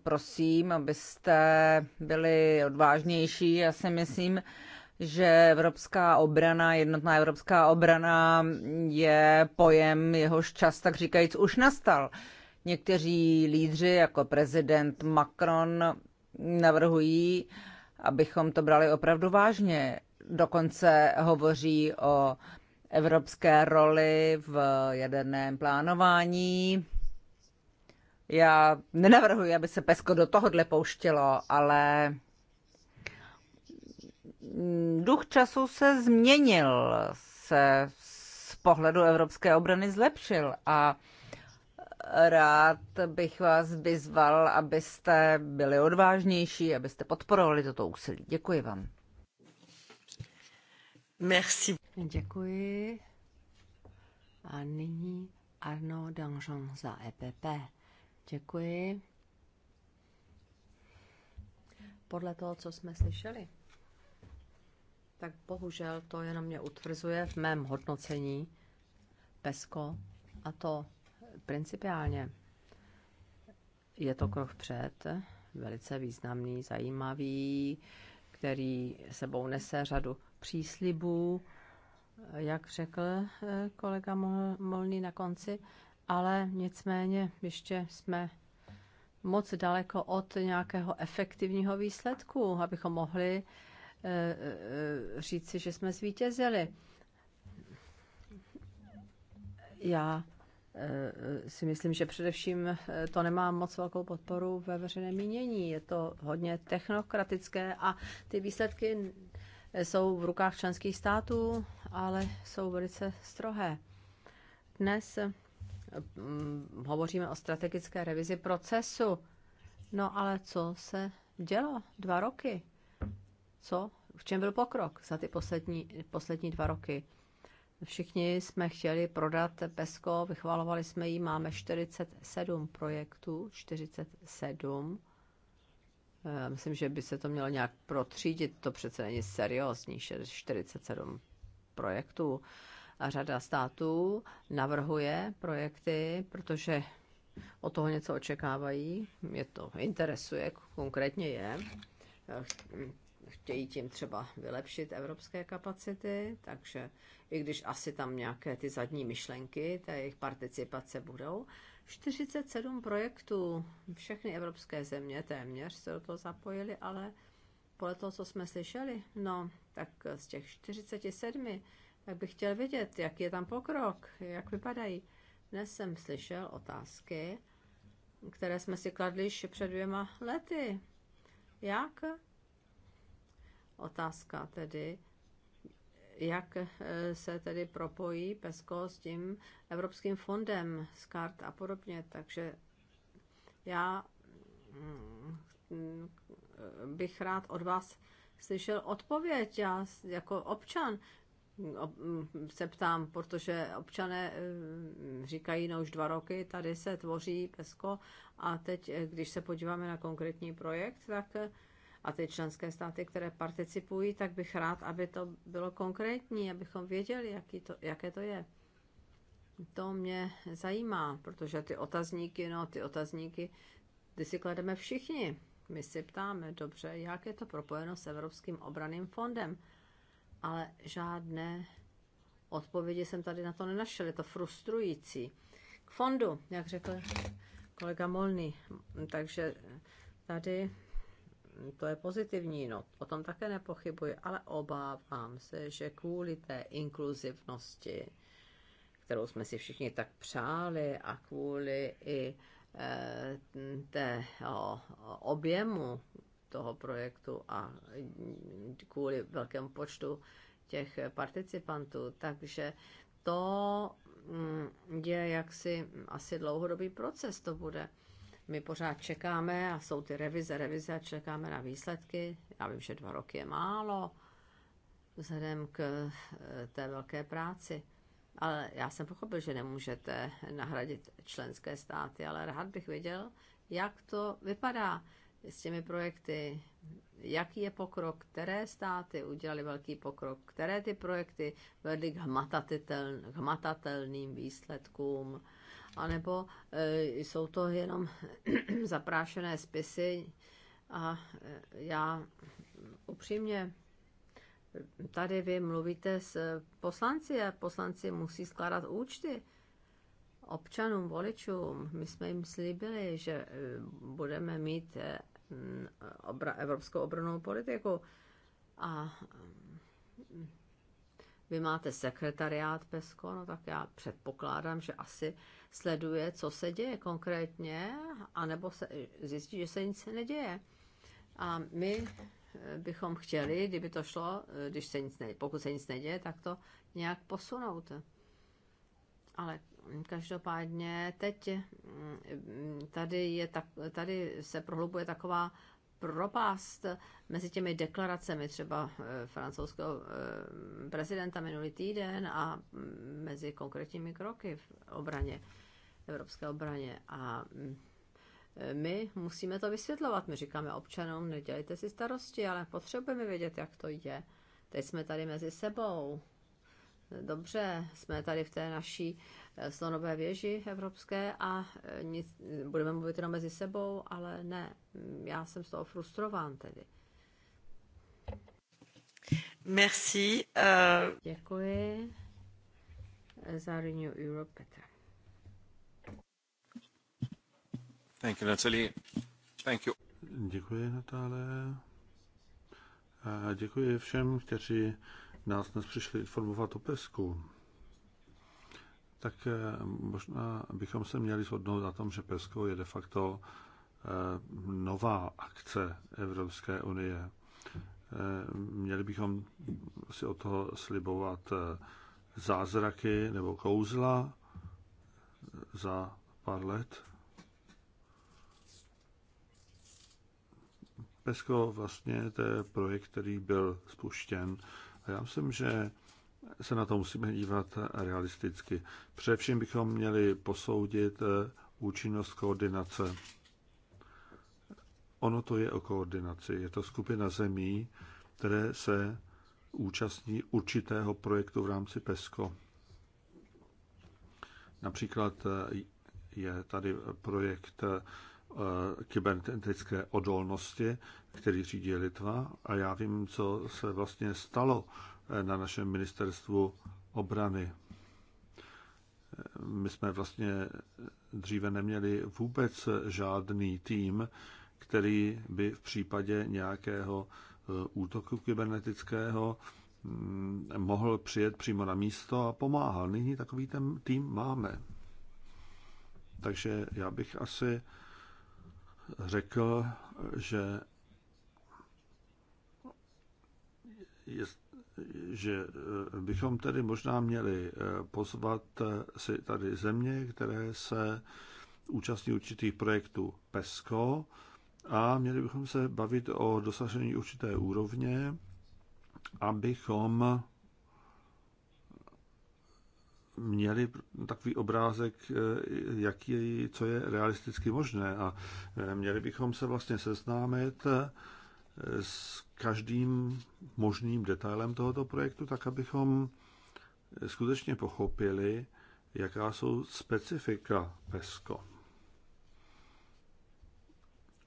S1: prosím, abyste byli odvážnější. Já si myslím, že evropská obrana, jednotná evropská obrana je pojem, jehož čas, tak říkajíc, už nastal. Někteří lídři, jako prezident Macron, navrhují, abychom to brali opravdu vážně. Dokonce hovoří o evropské roli v jaderném plánování. Já nenavrhuji, aby se Pesko do tohohle pouštělo, ale duch času se změnil, se z pohledu evropské obrany zlepšil a rád bych vás vyzval, abyste byli odvážnější, abyste podporovali toto úsilí. Děkuji vám. Merci. Děkuji. A nyní Arnaud
S2: Dangean za EPP. Děkuji. Podle toho, co jsme slyšeli, tak bohužel to jenom mě utvrzuje v mém hodnocení PESCO a to principiálně. Je to krok před, velice významný, zajímavý, který sebou nese řadu příslibů, jak řekl eh, kolega Molný na konci, ale nicméně ještě jsme moc daleko od nějakého efektivního výsledku, abychom mohli Eh, eh, říci, že jsme zvítězili. Já eh, si myslím, že především to nemá moc velkou podporu ve veřejném mínění. Je to hodně technokratické a ty výsledky jsou v rukách členských států, ale jsou velice strohé. Dnes mm, hovoříme o strategické revizi procesu. No ale co se dělo dva roky? co, v čem byl pokrok za ty poslední, poslední dva roky. Všichni jsme chtěli prodat PESCO, vychvalovali jsme ji, máme 47 projektů, 47. Já eh, myslím, že by se to mělo nějak protřídit, to přece není seriózní, 47 projektů. A řada států navrhuje projekty, protože o toho něco očekávají, je to interesuje, konkrétně je eh, chtějí tím třeba vylepšit evropské kapacity, takže i když asi tam nějaké ty zadní myšlenky, ta jejich participace budou. 47 projektů, všechny evropské země téměř se do toho zapojily, ale podle toho, co jsme slyšeli, no, tak z těch 47, tak bych chtěl vědět, jak je tam pokrok, jak vypadají. Dnes jsem slyšel otázky, které jsme si kladli již před dvěma lety. Jak Otázka tedy, jak eh, se tedy propojí PESCO s tím Evropským fondem, s kart a podobně. Takže já mm, bych rád od vás slyšel odpověď. Já jako občan mm, se ptám, protože občané mm, říkají, no už dva roky tady se tvoří PESCO a teď, eh, když se podíváme na konkrétní projekt, tak eh, a ty členské státy, které participují, tak bych rád, aby to bylo konkrétní, abychom věděli, jaký to, jaké to je. To mě zajímá, protože ty otazníky, no ty otazníky, ty si klademe všichni. My si ptáme, dobře, jak je to propojeno s Evropským obraným fondem, ale žádné odpovědi jsem tady na to nenašel, je to frustrující. K fondu, jak řekl kolega Molný, takže tady to je pozitivní, no o tom také nepochybuji, ale obávám se, že kvůli té inkluzivnosti, kterou jsme si všichni tak přáli a kvůli i eh, té o, objemu toho projektu a kvůli velkému počtu těch participantů, takže to mm, je jaksi asi dlouhodobý proces to bude my pořád čekáme a jsou ty revize, revize a čekáme na výsledky. Já vím, že dva roky je málo vzhledem k eh, té velké práci. Ale já jsem pochopil, že nemůžete nahradit členské státy, ale rád bych věděl, jak to vypadá s těmi projekty, jaký je pokrok, které státy udělali velký pokrok, které ty projekty vedly k, hmatatelným výsledkům anebo eh, jsou to jenom zaprášené spisy a eh, já upřímně eh, tady vy mluvíte s poslanci a poslanci musí skládat účty občanům, voličům. My jsme jim slíbili, že budeme mít obra, evropskou obranou politiku a vy máte sekretariát PESCO, no tak já předpokládám, že asi sleduje, co se děje konkrétně, anebo se zjistí, že se nic neděje. A my eh, bychom chtěli, kdyby to šlo, eh, když se nic neděje, pokud se nic neděje, tak to nějak posunout. Ale každopádně teď mm, tady, je tak, tady se prohlubuje taková propast mezi těmi deklaracemi třeba eh, francouzského eh, prezidenta minulý týden a mm, mezi konkrétními kroky v obraně, evropské obraně. A mm, my musíme to vysvětlovat. My říkáme občanům, nedělejte si starosti, ale potřebujeme vědět, jak to je. Teď jsme tady mezi sebou dobře, jsme tady v té naší eh, slonové věži evropské a eh, nic, budeme mluvit jenom mezi sebou, ale ne, mm, já jsem z toho frustrován tedy. Merci. Uh... Děkuji za Renew Europe, Petra.
S3: Thank you, Natalie. Thank you. Děkuji, Natále. A děkuji všem, kteří nás dnes přišli informovat o pesku, tak eh, možná bychom se měli shodnout na tom, že PESCO je de facto eh, nová akce Evropské unie. Eh, měli bychom si o toho slibovat zázraky nebo kouzla za pár let. PESCO vlastně to je projekt, který byl spuštěn já myslím, že se na to musíme dívat realisticky. Především bychom měli posoudit eh, účinnost koordinace. Ono to je o koordinaci. Je to skupina zemí, které se účastní určitého projektu v rámci PESCO. Například eh, je tady projekt eh, Eh, kybernetické odolnosti, který řídí Litva. A já vím, co se vlastně stalo eh, na našem ministerstvu obrany. Eh, my jsme vlastně dříve neměli vůbec žádný tým, který by v případě nějakého útoku kybernetického mm, mohl přijet přímo na místo a pomáhal. Nyní takový ten tým máme. Takže já bych asi řekl, že, je, že eh, bychom tedy možná měli eh, pozvat eh, si tady země, které se účastní určitých projektů PESCO a měli bychom se bavit o dosažení určité úrovně, abychom měli takový obrázek, eh, jaký, co je realisticky možné. A eh, měli bychom se vlastně seznámit eh, s každým možným detailem tohoto projektu, tak abychom skutečně pochopili, jaká jsou specifika PESCO.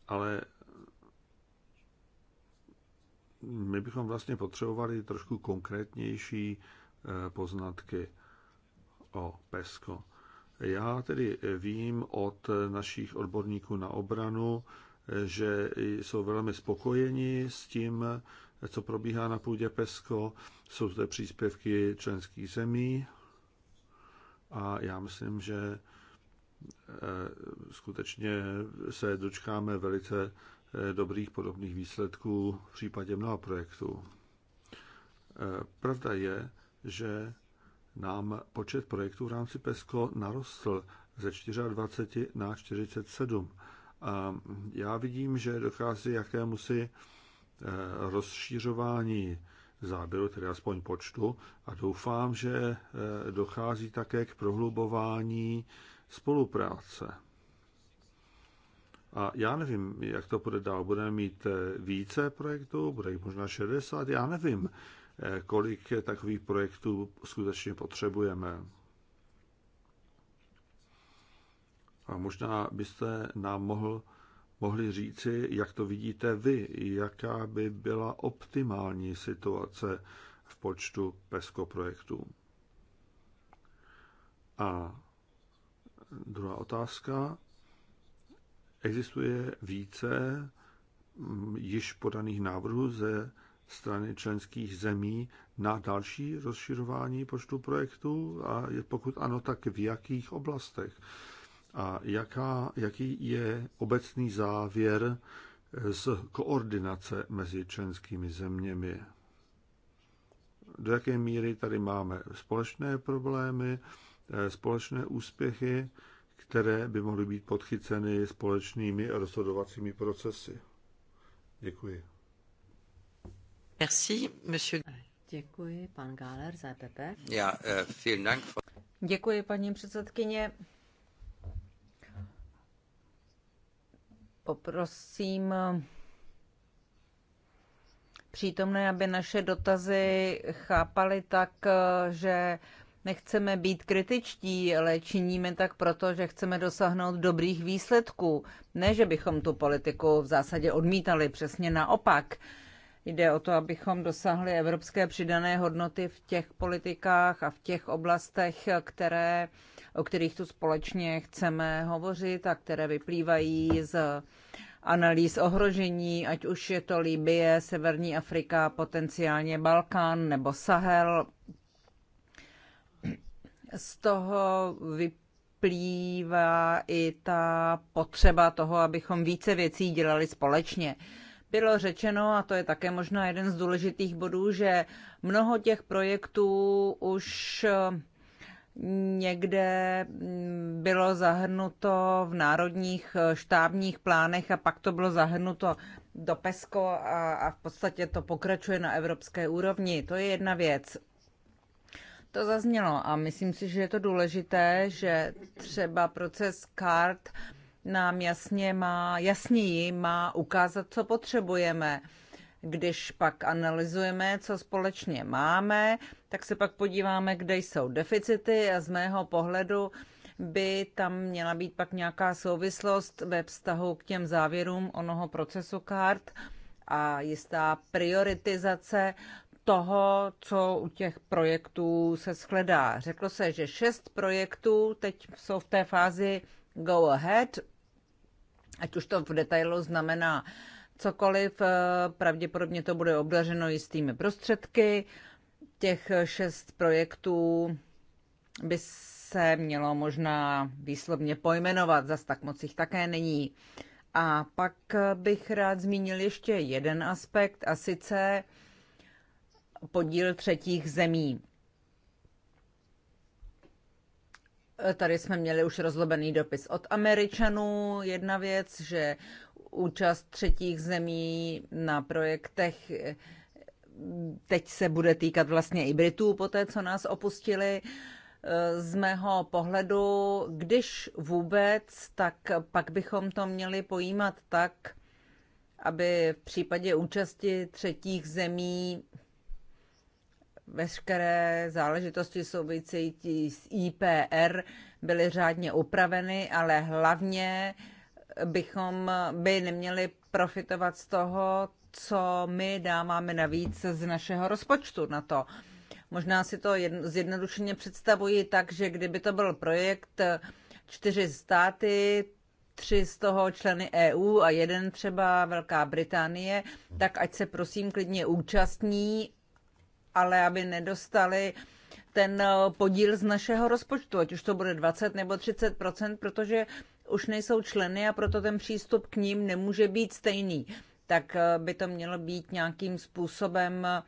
S3: Ale my bychom vlastně potřebovali trošku konkrétnější poznatky o PESCO. Já tedy vím od našich odborníků na obranu, že jsou velmi spokojeni s tím, co probíhá na půdě PESCO. Jsou zde příspěvky členských zemí a já myslím, že eh, skutečně se dočkáme velice eh, dobrých podobných výsledků v případě mnoha projektů. Eh, pravda je, že nám počet projektů v rámci PESCO narostl ze 24 na 47. A já vidím, že dochází jakému si eh, rozšířování záběru, tedy aspoň počtu, a doufám, že eh, dochází také k prohlubování spolupráce. A já nevím, jak to bude dál. Budeme mít eh, více projektů, bude jich možná 60, já nevím kolik takových projektů skutečně potřebujeme. A možná byste nám mohl, mohli říci, jak to vidíte vy, jaká by byla optimální situace v počtu PESCO projektů. A druhá otázka. Existuje více již podaných návrhů ze strany členských zemí na další rozširování počtu projektů a pokud ano, tak v jakých oblastech? A jaká, jaký je obecný závěr eh, z koordinace mezi členskými zeměmi? Do jaké míry tady máme společné problémy, eh, společné úspěchy, které by mohly být podchyceny společnými rozhodovacími procesy? Děkuji.
S1: Merci, monsieur. Děkuji, pan Gáler za EPP.
S2: Já, uh, vielen
S1: Děkuji, paní předsedkyně. Poprosím eh, přítomné, aby naše dotazy chápali tak, eh, že nechceme být kritičtí, ale činíme tak proto, že chceme dosáhnout dobrých výsledků. Ne, že bychom tu politiku v zásadě odmítali, přesně naopak. Jde o to, abychom dosáhli evropské přidané hodnoty v těch politikách a v těch oblastech, které, o kterých tu společně chceme hovořit a které vyplývají z analýz ohrožení, ať už je to Libie, Severní Afrika, potenciálně Balkán nebo Sahel. Z toho vyplývá i ta potřeba toho, abychom více věcí dělali společně. Bylo řečeno, a to je také možná jeden z důležitých bodů, že mnoho těch projektů už eh, někde mm, bylo zahrnuto v národních eh, štábních plánech a pak to bylo zahrnuto do PESCO a, a v podstatě to pokračuje na evropské úrovni. To je jedna věc. To zaznělo a myslím si, že je to důležité, že třeba proces CART nám jasně má, jasněji má ukázat, co potřebujeme. Když pak analyzujeme, co společně máme, tak se pak podíváme, kde jsou deficity a z mého pohledu by tam měla být pak nějaká souvislost ve vztahu k těm závěrům onoho procesu kart a jistá prioritizace toho, co u těch projektů se shledá. Řeklo se, že šest projektů teď jsou v té fázi go ahead, Ať už to v detailu znamená cokoliv, eh, pravděpodobně to bude obdařeno jistými prostředky. Těch šest projektů by se mělo možná výslovně pojmenovat, zas tak moc jich také není. A pak bych rád zmínil ještě jeden aspekt, a sice podíl třetích zemí. Tady jsme měli už rozlobený dopis od Američanů. Jedna věc, že účast třetích zemí na projektech teď se bude týkat vlastně i Britů po té, co nás opustili. Z mého pohledu, když vůbec, tak pak bychom to měli pojímat tak, aby v případě účasti třetích zemí veškeré záležitosti související s IPR byly řádně upraveny, ale hlavně bychom by neměli profitovat z toho, co my dáváme navíc z našeho rozpočtu na to. Možná si to jedno, zjednodušeně představuji tak, že kdyby to byl projekt eh, čtyři státy, tři z toho členy EU a jeden třeba Velká Británie, tak ať se prosím klidně účastní ale aby nedostali ten eh, podíl z našeho rozpočtu, ať už to bude 20 nebo 30 protože už nejsou členy a proto ten přístup k ním nemůže být stejný. Tak eh, by to mělo být nějakým způsobem eh,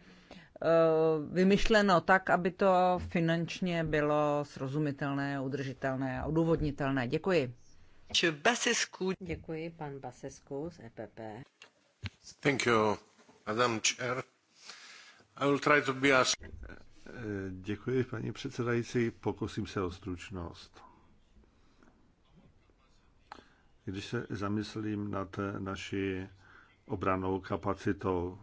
S1: vymyšleno tak, aby to finančně bylo srozumitelné, udržitelné a udůvodnitelné. Děkuji. Basescu. Děkuji, pan Basescu z EPP.
S3: Thank you, Madam Chair. Děkuji, paní předsedající. Pokusím se o stručnost. Když se zamyslím nad naší obranou kapacitou,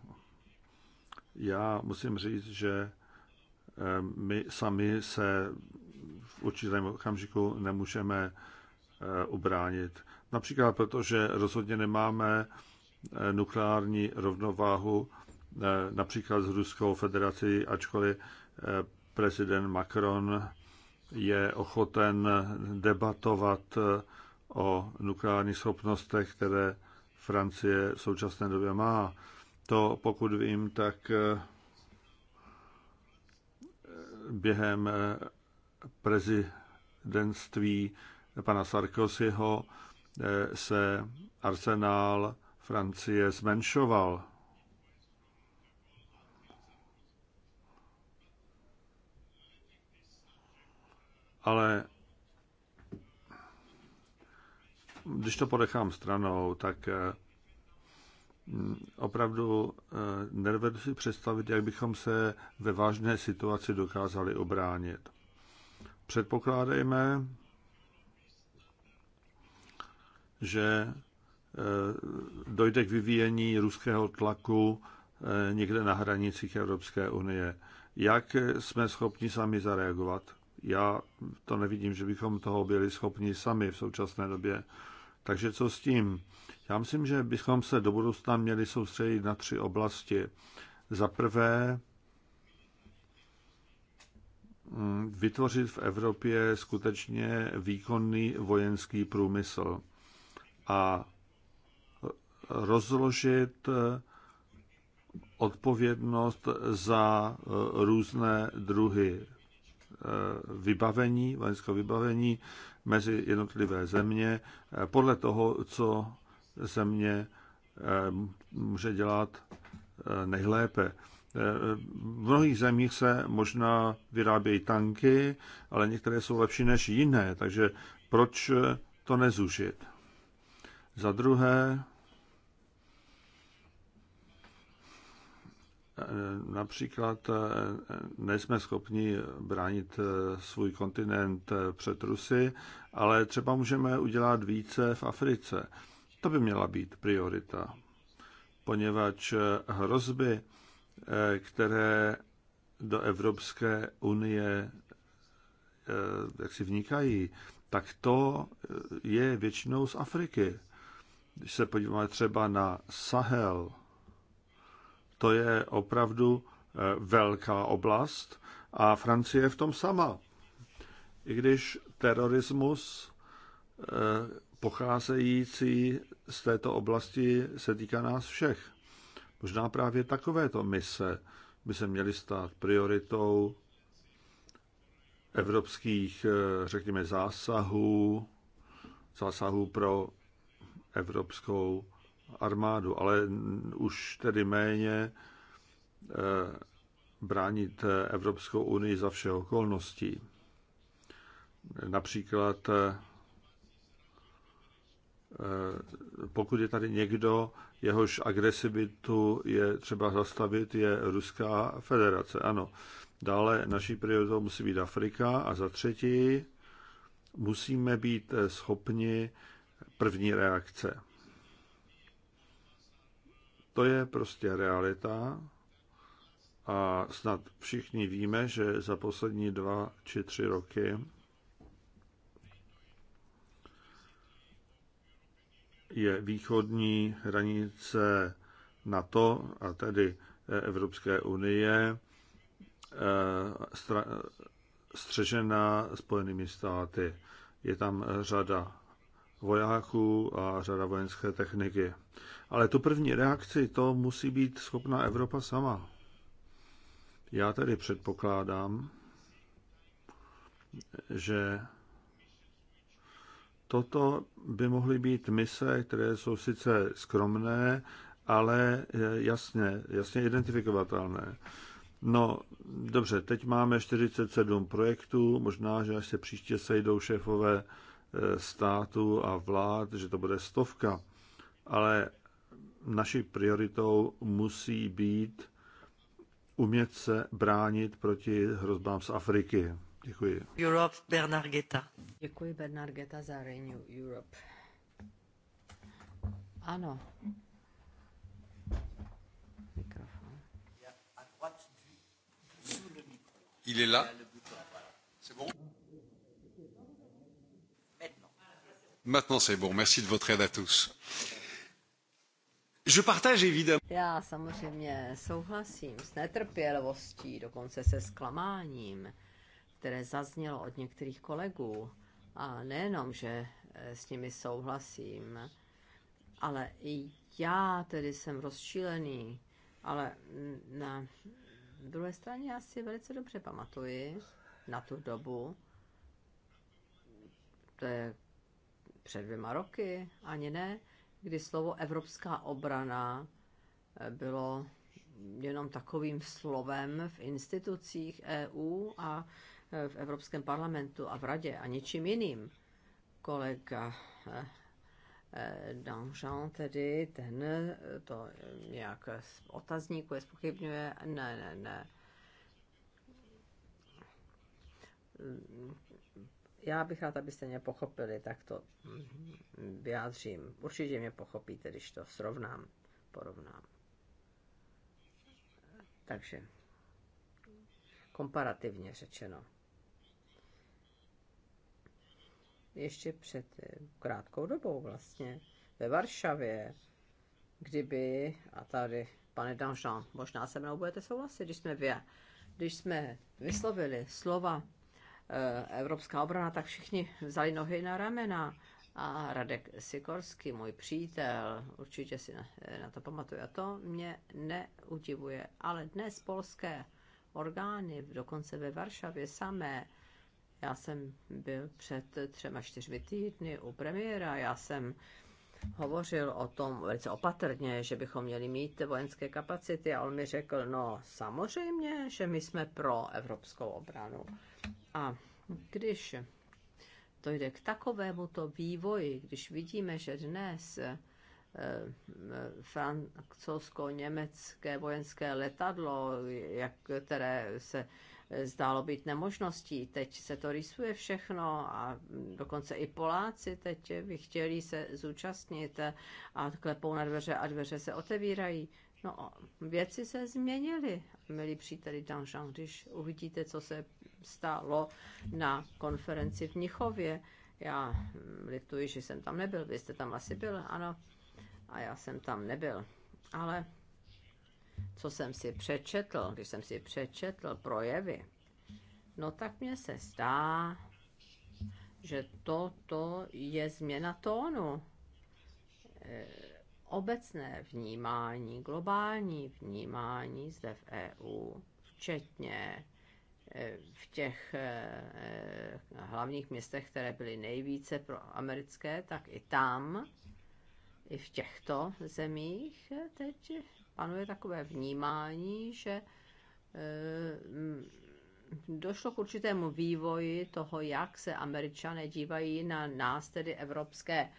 S3: já musím říct, že eh, my sami se v určitém okamžiku nemůžeme eh, ubránit. Například proto, že rozhodně nemáme eh, nukleární rovnováhu například s Ruskou federací, ačkoliv eh, prezident Macron je ochoten debatovat eh, o nukleárních schopnostech, které Francie v současné době má. To, pokud vím, tak eh, během prezidentství pana Sarkozyho se arsenál Francie zmenšoval. Ale když to podechám stranou, tak eh, mm, opravdu eh, nedovedu si představit, jak bychom se ve vážné situaci dokázali obránit. Předpokládejme, že eh, dojde k vyvíjení ruského tlaku někde na hranicích Evropské unie. Jak jsme schopni sami zareagovat? já to nevidím, že bychom toho byli schopni sami v současné době. Takže co s tím? Já myslím, že bychom se do budoucna měli soustředit na tři oblasti. Za prvé, mm, vytvořit v Evropě skutečně výkonný vojenský průmysl a rozložit eh, odpovědnost za eh, různé druhy vybavení, vojenského vybavení mezi jednotlivé země podle toho, co země eh, může dělat eh, nejlépe. Eh, v mnohých zemích se možná vyrábějí tanky, ale některé jsou lepší než jiné, takže proč to nezužit? Za druhé, Například eh, nejsme schopni bránit eh, svůj kontinent eh, před Rusy, ale třeba můžeme udělat více v Africe. To by měla být priorita, poněvadž hrozby, které do Evropské unie jak si vnikají, tak to je většinou z Afriky. Když se podíváme třeba na Sahel, to je opravdu eh, velká oblast a Francie je v tom sama. I když terorismus eh, pocházející z této oblasti se týká nás všech. Možná právě takovéto mise by se měly stát prioritou evropských, eh, řekněme, zásahů, zásahů pro evropskou armádu, ale už tedy méně eh, bránit Evropskou unii za vše okolností. Například eh, pokud je tady někdo, jehož agresivitu je třeba zastavit, je Ruská federace. Ano. Dále naší prioritou musí být Afrika a za třetí musíme být eh, schopni první reakce. To je prostě realita a snad všichni víme, že za poslední dva či tři roky je východní hranice NATO, a tedy Evropské unie, eh, střežená Spojenými státy. Je tam řada vojáků a řada vojenské techniky. Ale tu první reakci to musí být schopná Evropa sama. Já tedy předpokládám, že toto by mohly být mise, které jsou sice skromné, ale jasně, jasně identifikovatelné. No, dobře, teď máme 47 projektů, možná, že až se příště sejdou šéfové států a vlád, že to bude stovka, ale naší prioritou musí být umět se bránit proti hrozbám z Afriky. Děkuji.
S2: Europe Bernard Geta. Děkuji Bernard Geta za Renew Europe. Ano. Mikrofon.
S3: Il est là. Maintenant c'est bon. Merci de votre aide à tous. Je partage évidemment. Já
S2: samozřejmě souhlasím s netrpělivostí, dokonce se zklamáním, které zaznělo od některých kolegů. A nejenom, že eh, s nimi souhlasím, ale i já tedy jsem rozčílený, ale na druhé straně já si velice dobře pamatuji na tu dobu, to je před dvěma roky, ani ne, kdy slovo evropská obrana eh, bylo jenom takovým slovem v institucích EU a eh, v Evropském parlamentu a v Radě a ničím jiným. Kolega eh, Danjean tedy, ten to nějak otazníkuje, spochybňuje, ne, ne, ne já bych rád, abyste mě pochopili, tak to mm, vyjádřím. Určitě mě pochopíte, když to srovnám, porovnám. Takže, komparativně řečeno. Ještě před eh, krátkou dobou vlastně ve Varšavě, kdyby, a tady, pane Danjean, možná se mnou budete souhlasit, když jsme, vy, když jsme vyslovili slova Eh, Evropská obrana, tak všichni vzali nohy na ramena. A Radek Sikorský, můj přítel, určitě si eh, na to pamatuje. A to mě neudivuje. Ale dnes polské orgány, dokonce ve Varšavě samé, já jsem byl před třema čtyřmi týdny u premiéra, já jsem hovořil o tom velice opatrně, že bychom měli mít vojenské kapacity a on mi řekl, no samozřejmě, že my jsme pro evropskou obranu. A když to jde k takovému to vývoji, když vidíme, že dnes eh, eh, francouzsko-německé vojenské letadlo, jak, které se eh, zdálo být nemožností. Teď se to rysuje všechno a dokonce i Poláci teď by chtěli se zúčastnit a klepou na dveře a dveře se otevírají. No, věci se změnily, milí příteli Danžan, když uvidíte, co se stálo na konferenci v Mnichově. Já lituji, že jsem tam nebyl. Vy jste tam asi byl, ano. A já jsem tam nebyl. Ale co jsem si přečetl, když jsem si přečetl projevy, no tak mně se zdá, že toto je změna tónu. E, obecné vnímání, globální vnímání zde v EU, včetně Eh, v těch eh, eh, hlavních městech, které byly nejvíce pro americké, tak i tam, i v těchto zemích teď panuje takové vnímání, že došlo k určitému vývoji toho, jak se američané dívají na nás, tedy evropské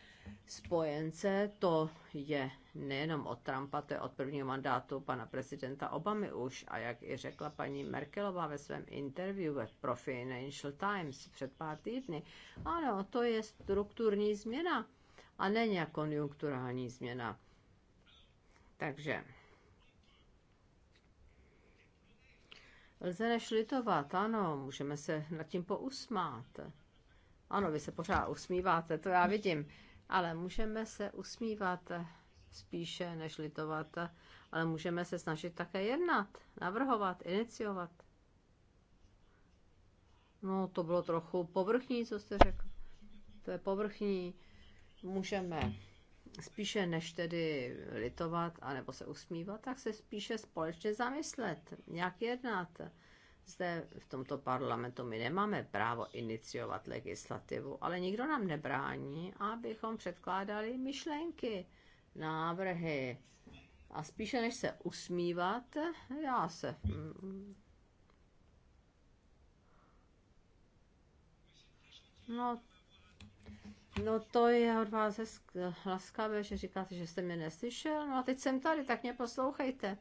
S2: spojence. To je nejenom od Trumpa, to je od prvního mandátu pana prezidenta Obamy už. A jak i řekla paní Merkelová ve svém interview ve pro Financial Times před pár týdny, ano, to je strukturní změna a ne nějak konjunkturální změna. Takže lze než litovat, ano, můžeme se nad tím pousmát. Ano, vy se pořád usmíváte, to já vidím, ale můžeme se usmívat spíše než litovat, ale můžeme se snažit také jednat, navrhovat, iniciovat. No, to bylo trochu povrchní, co jste řekl. To je povrchní. Můžeme spíše než tedy litovat anebo se usmívat, tak se spíše společně zamyslet, jak jednat. Zde v tomto parlamentu my nemáme právo iniciovat legislativu, ale nikdo nám nebrání, abychom předkládali myšlenky návrhy. A spíše než se usmívat, já se mm, No, no to je od vás hezk, laskavé, že říkáte, že jste mě neslyšel. No a teď jsem tady, tak mě poslouchejte.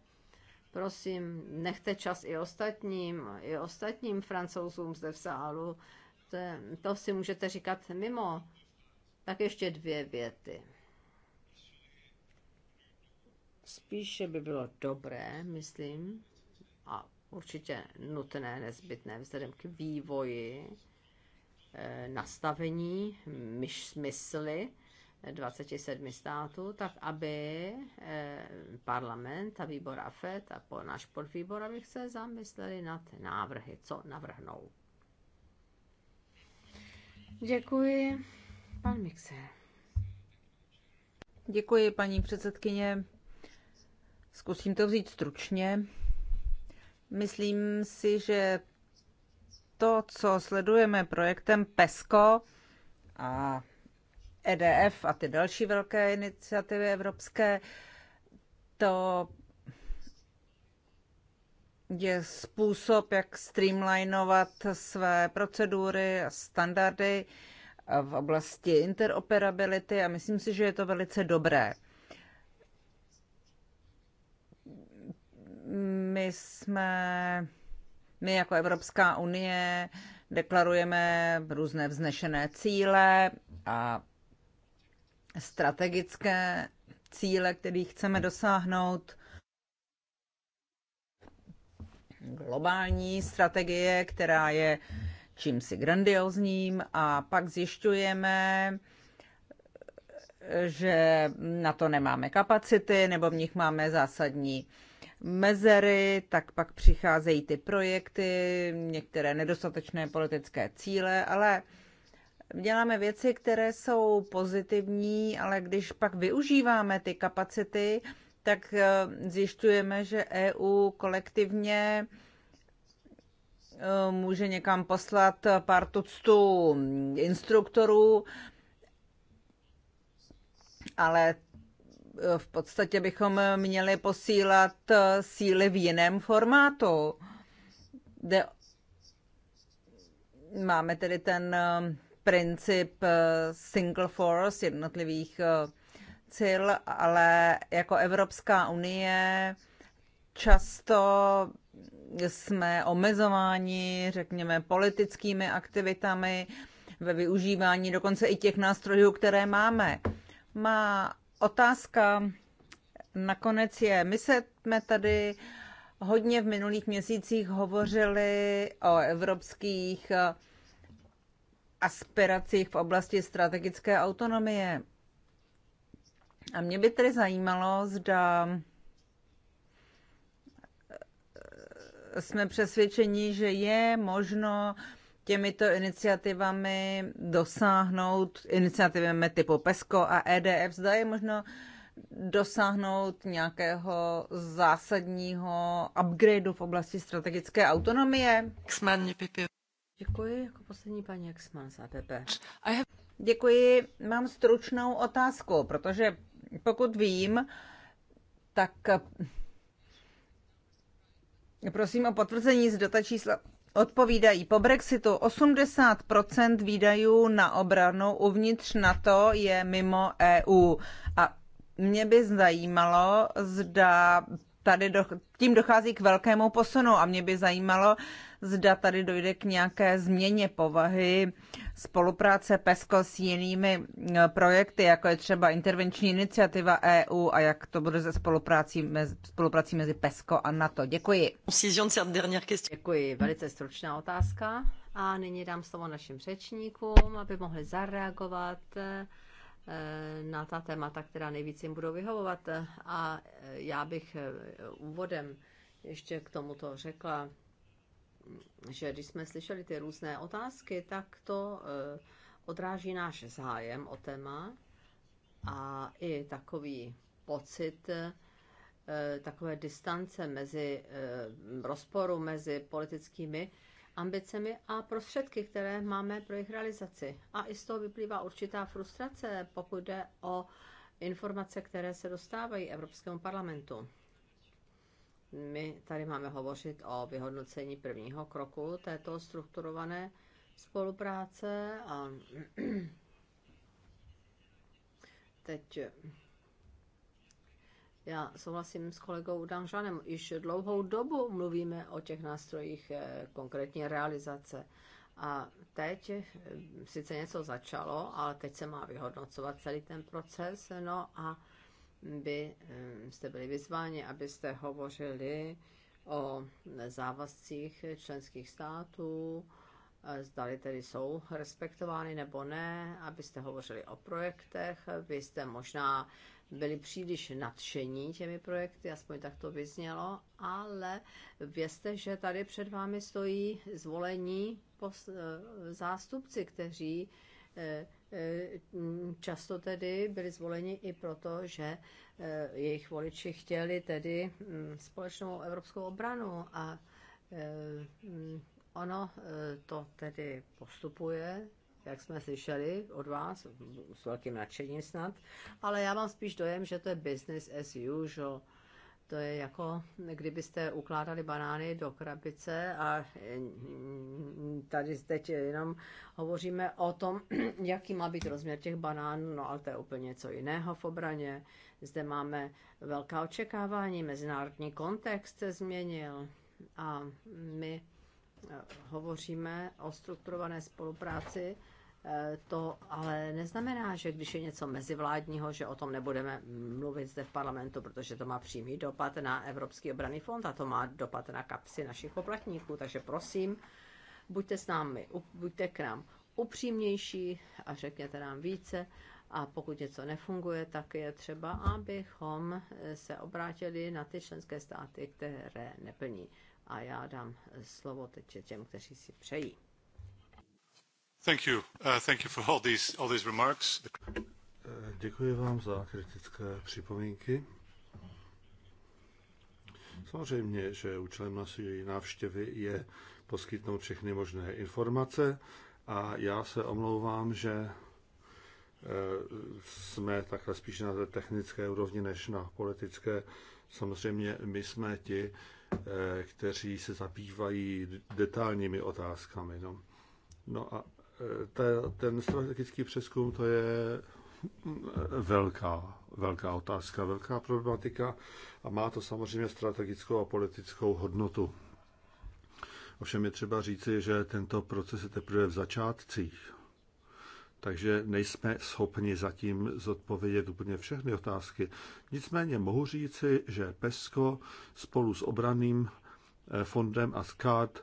S2: Prosím, nechte čas i ostatním, i ostatním francouzům zde v sálu. To, to si můžete říkat mimo. Tak ještě dvě věty. Spíše by bylo dobré, myslím, a určitě nutné, nezbytné, vzhledem k vývoji, eh, nastavení myš, mysli 27 států, tak aby eh, parlament a výbor AFET a po, náš podvýbor, aby se zamysleli nad návrhy, co navrhnou.
S1: Děkuji. Pan Mixer. Děkuji, paní předsedkyně. Zkusím to vzít stručně. Myslím si, že to, co sledujeme projektem PESCO a EDF a ty další velké iniciativy evropské, to je způsob, jak streamlinovat své procedury a standardy v oblasti interoperability a myslím si, že je to velice dobré. My jsme, my jako Evropská unie deklarujeme různé vznešené cíle a strategické cíle, které chceme dosáhnout. Globální strategie, která je čímsi grandiozním a pak zjišťujeme, že na to nemáme kapacity nebo v nich máme zásadní mezery, tak pak přicházejí ty projekty, některé nedostatečné politické cíle, ale děláme věci, které jsou pozitivní, ale když pak využíváme ty kapacity, tak eh, zjišťujeme, že EU kolektivně eh, může někam poslat pár tuctů instruktorů, ale v podstatě bychom měli posílat eh, síly v jiném formátu. De... máme tedy ten eh, princip eh, single force jednotlivých cíl, ale jako Evropská unie často jsme omezováni, řekněme, politickými aktivitami ve využívání dokonce i těch nástrojů, které máme. Má otázka nakonec je, my jsme tady hodně v minulých měsících hovořili o evropských eh, aspiracích v oblasti strategické autonomie. A mě by tedy zajímalo, zda eh, jsme přesvědčeni, že je možno těmito iniciativami dosáhnout, iniciativami typu PESCO a EDF, zda je možno dosáhnout nějakého zásadního upgradeu v oblasti strategické autonomie. Děkuji, jako poslední paní Exman z APP. Děkuji, mám stručnou otázku, protože pokud vím, tak prosím o potvrzení, z ta čísla odpovídají po Brexitu. 80 výdajů na obranu uvnitř NATO je mimo EU. A mě by zajímalo, zda tady do, tím dochází k velkému posunu a mě by zajímalo, zda tady dojde k nějaké změně povahy spolupráce PESCO s jinými e, projekty, jako je třeba intervenční iniciativa EU a jak to bude se spoluprácí mezi, e spoluprací mezi PESCO a NATO. Děkuji.
S2: Děkuji, velice stručná otázka. A nyní dám slovo našim řečníkům, aby mohli zareagovat e, na ta témata, která nejvíc jim budou vyhovovat. A já bych úvodem ještě k tomuto řekla, že když jsme slyšeli ty různé otázky, tak to eh, odráží náš zájem o téma a i takový pocit eh, takové distance mezi eh, rozporu mezi politickými ambicemi a prostředky, které máme pro jejich realizaci. A i z toho vyplývá určitá frustrace, pokud jde o informace, které se dostávají Evropskému parlamentu my tady máme hovořit o vyhodnocení prvního kroku této strukturované spolupráce a teď já souhlasím s kolegou Danžanem, již dlouhou dobu mluvíme o těch nástrojích eh, konkrétně realizace. A teď eh, sice něco začalo, ale teď se má vyhodnocovat celý ten proces, no a by jste byli vyzváni, abyste hovořili o závazcích členských států, zdali tedy jsou respektovány nebo ne, abyste hovořili o projektech, vy jste možná byli příliš nadšení těmi projekty, aspoň tak to vyznělo, ale vězte, že tady před vámi stojí zvolení e, zástupci, kteří e, Eh, často tedy byli zvoleni i proto, že eh, jejich voliči chtěli tedy hm, společnou evropskou obranu a eh, hm, ono to tedy postupuje, jak jsme slyšeli od vás, s velkým nadšením snad, ale já mám spíš dojem, že to je business as usual to je jako, kdybyste ukládali banány do krabice a mm, tady teď jenom hovoříme o tom, jaký má být rozměr těch banánů, no ale to je úplně něco jiného v obraně. Zde máme velká očekávání, mezinárodní kontext se změnil a my eh, hovoříme o strukturované spolupráci Eh, to ale neznamená, že když je něco mezivládního, že o tom nebudeme mluvit zde v parlamentu, protože to má přímý dopad na Evropský obranný fond a to má dopad na kapsy našich poplatníků. Takže prosím, buďte s námi, buďte k nám upřímnější a řekněte nám více. A pokud něco nefunguje, tak je třeba, abychom eh, se obrátili na ty členské státy, které neplní. A já dám slovo teď těm, kteří si přejí.
S3: Děkuji vám za kritické připomínky. Samozřejmě, že účelem naší návštěvy je poskytnout všechny možné informace a já se omlouvám, že eh, jsme takhle spíš na té technické úrovni než na politické. Samozřejmě my jsme ti, eh, kteří se zabývají detailními otázkami. No, no a ten strategický přeskum to je velká, velká otázka, velká problematika a má to samozřejmě strategickou a politickou hodnotu. Ovšem je třeba říci, že tento proces je teprve v začátcích. Takže nejsme schopni zatím zodpovědět úplně všechny otázky. Nicméně mohu říci, že PESCO spolu s obraným eh, fondem a SCAD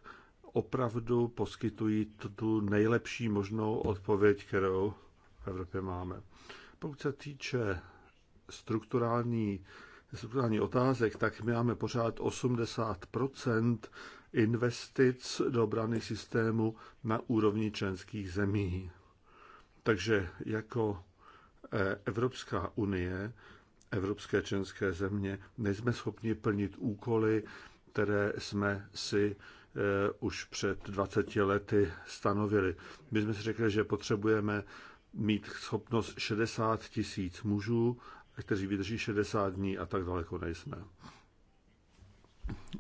S3: opravdu poskytují tu nejlepší možnou odpověď, kterou v Evropě máme. Pokud se týče strukturální, strukturální otázek, tak my máme pořád 80 investic do obrany systému na úrovni členských zemí. Takže jako eh, Evropská unie, evropské členské země, nejsme schopni plnit úkoly, které jsme si Eh, už před 20 lety stanovili. My jsme si řekli, že potřebujeme mít schopnost 60 tisíc mužů, kteří vydrží 60 dní a tak daleko nejsme.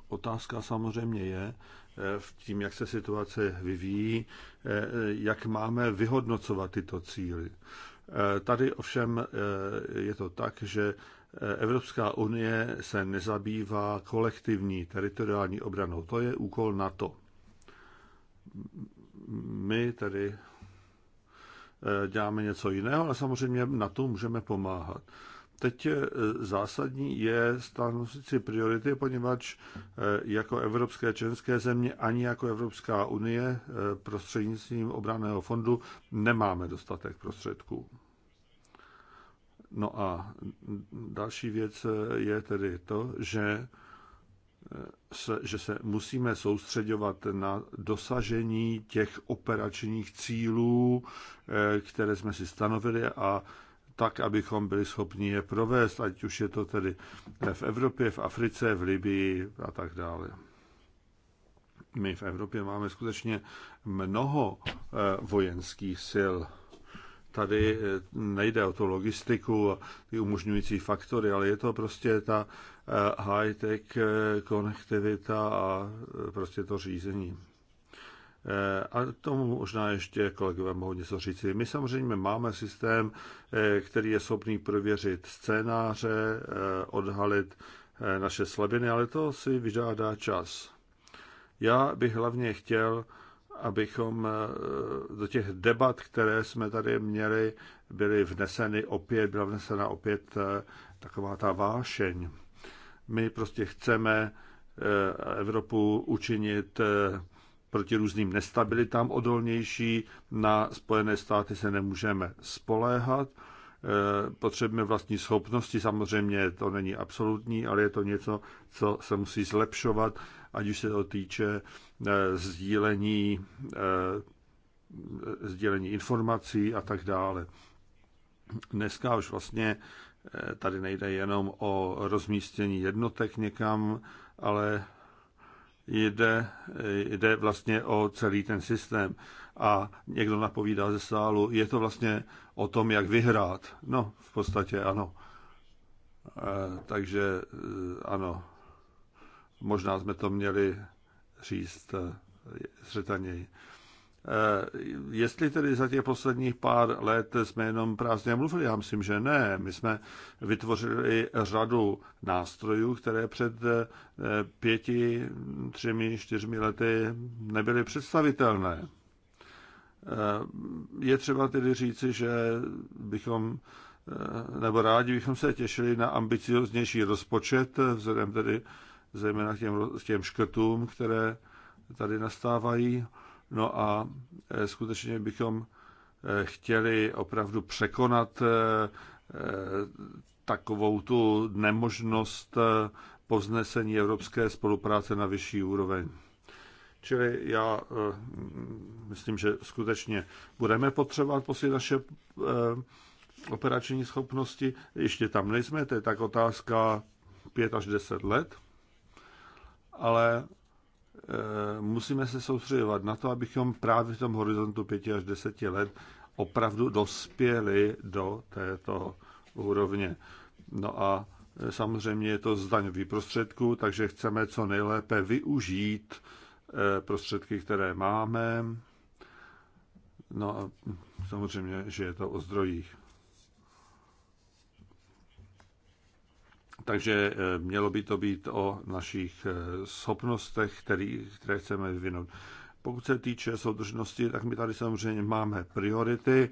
S3: Otázka samozřejmě je, eh, v tím, jak se situace vyvíjí, eh, jak máme vyhodnocovat tyto cíly. Tady ovšem je to tak, že Evropská unie se nezabývá kolektivní teritoriální obranou. To je úkol NATO. My tedy eh, děláme něco jiného, ale samozřejmě na to můžeme pomáhat. Teď eh, zásadní je stanovit si priority, poněvadž eh, jako evropské členské země ani jako Evropská unie prostřednictvím obraného fondu nemáme dostatek prostředků. No a další věc je tedy to, že eh, se, že se musíme soustředovat na dosažení těch operačních cílů, eh, které jsme si stanovili a tak, abychom byli schopni je provést, ať už je to tedy v Evropě, v Africe, v Libii a tak dále. My v Evropě máme skutečně mnoho eh, vojenských sil Tady eh, nejde o tu logistiku a ty umožňující faktory, ale je to prostě ta eh, high-tech eh, konektivita a prostě to řízení. A tomu možná ještě kolegové mohou něco říct. My samozřejmě máme systém, který je schopný prověřit scénáře, odhalit naše slabiny, ale to si vyžádá čas. Já bych hlavně chtěl abychom eh, do těch debat, které jsme tady měli, byly vneseny opět, byla vnesena opět eh, taková ta vášeň. My prostě chceme eh, Evropu učinit proti různým nestabilitám odolnější, na Spojené státy se nemůžeme spoléhat, potřebujeme vlastní schopnosti, samozřejmě to není absolutní, ale je to něco, co se musí zlepšovat ať už se to týče eh, sdílení, eh, sdílení informací a tak dále. Dneska už vlastně eh, tady nejde jenom o rozmístění jednotek někam, ale jde, jde vlastně o celý ten systém. A někdo napovídá ze sálu, je to vlastně o tom, jak vyhrát. No, v podstatě ano. Takže ano, Možná jsme to měli říct eh, zřetaněji. Eh, jestli tedy za těch posledních pár let jsme jenom prázdně mluvili, já myslím, že ne. My jsme vytvořili řadu nástrojů, které před eh, pěti, třemi, čtyřmi lety nebyly představitelné. Je třeba tedy říci, že bychom nebo rádi bychom se těšili na ambicioznější rozpočet, vzhledem tedy zejména k těm, k těm škrtům, které tady nastávají. No a eh, skutečně bychom eh, chtěli opravdu překonat eh, takovou tu nemožnost poznesení evropské spolupráce na vyšší úroveň. Čili já myslím, že skutečně budeme potřebovat posílit naše operační schopnosti. Ještě tam nejsme, to je tak otázka 5 až 10 let ale eh, musíme se soustředovat na to, abychom právě v tom horizontu pěti až deseti let opravdu dospěli do této úrovně. No a eh, samozřejmě je to zdaňový prostředků, takže chceme co nejlépe využít eh, prostředky, které máme. No a samozřejmě, že je to o zdrojích. Takže eh, mělo by to být o našich eh, schopnostech, který, které chceme vyvinout. Pokud se týče soudržnosti, tak my tady samozřejmě máme priority,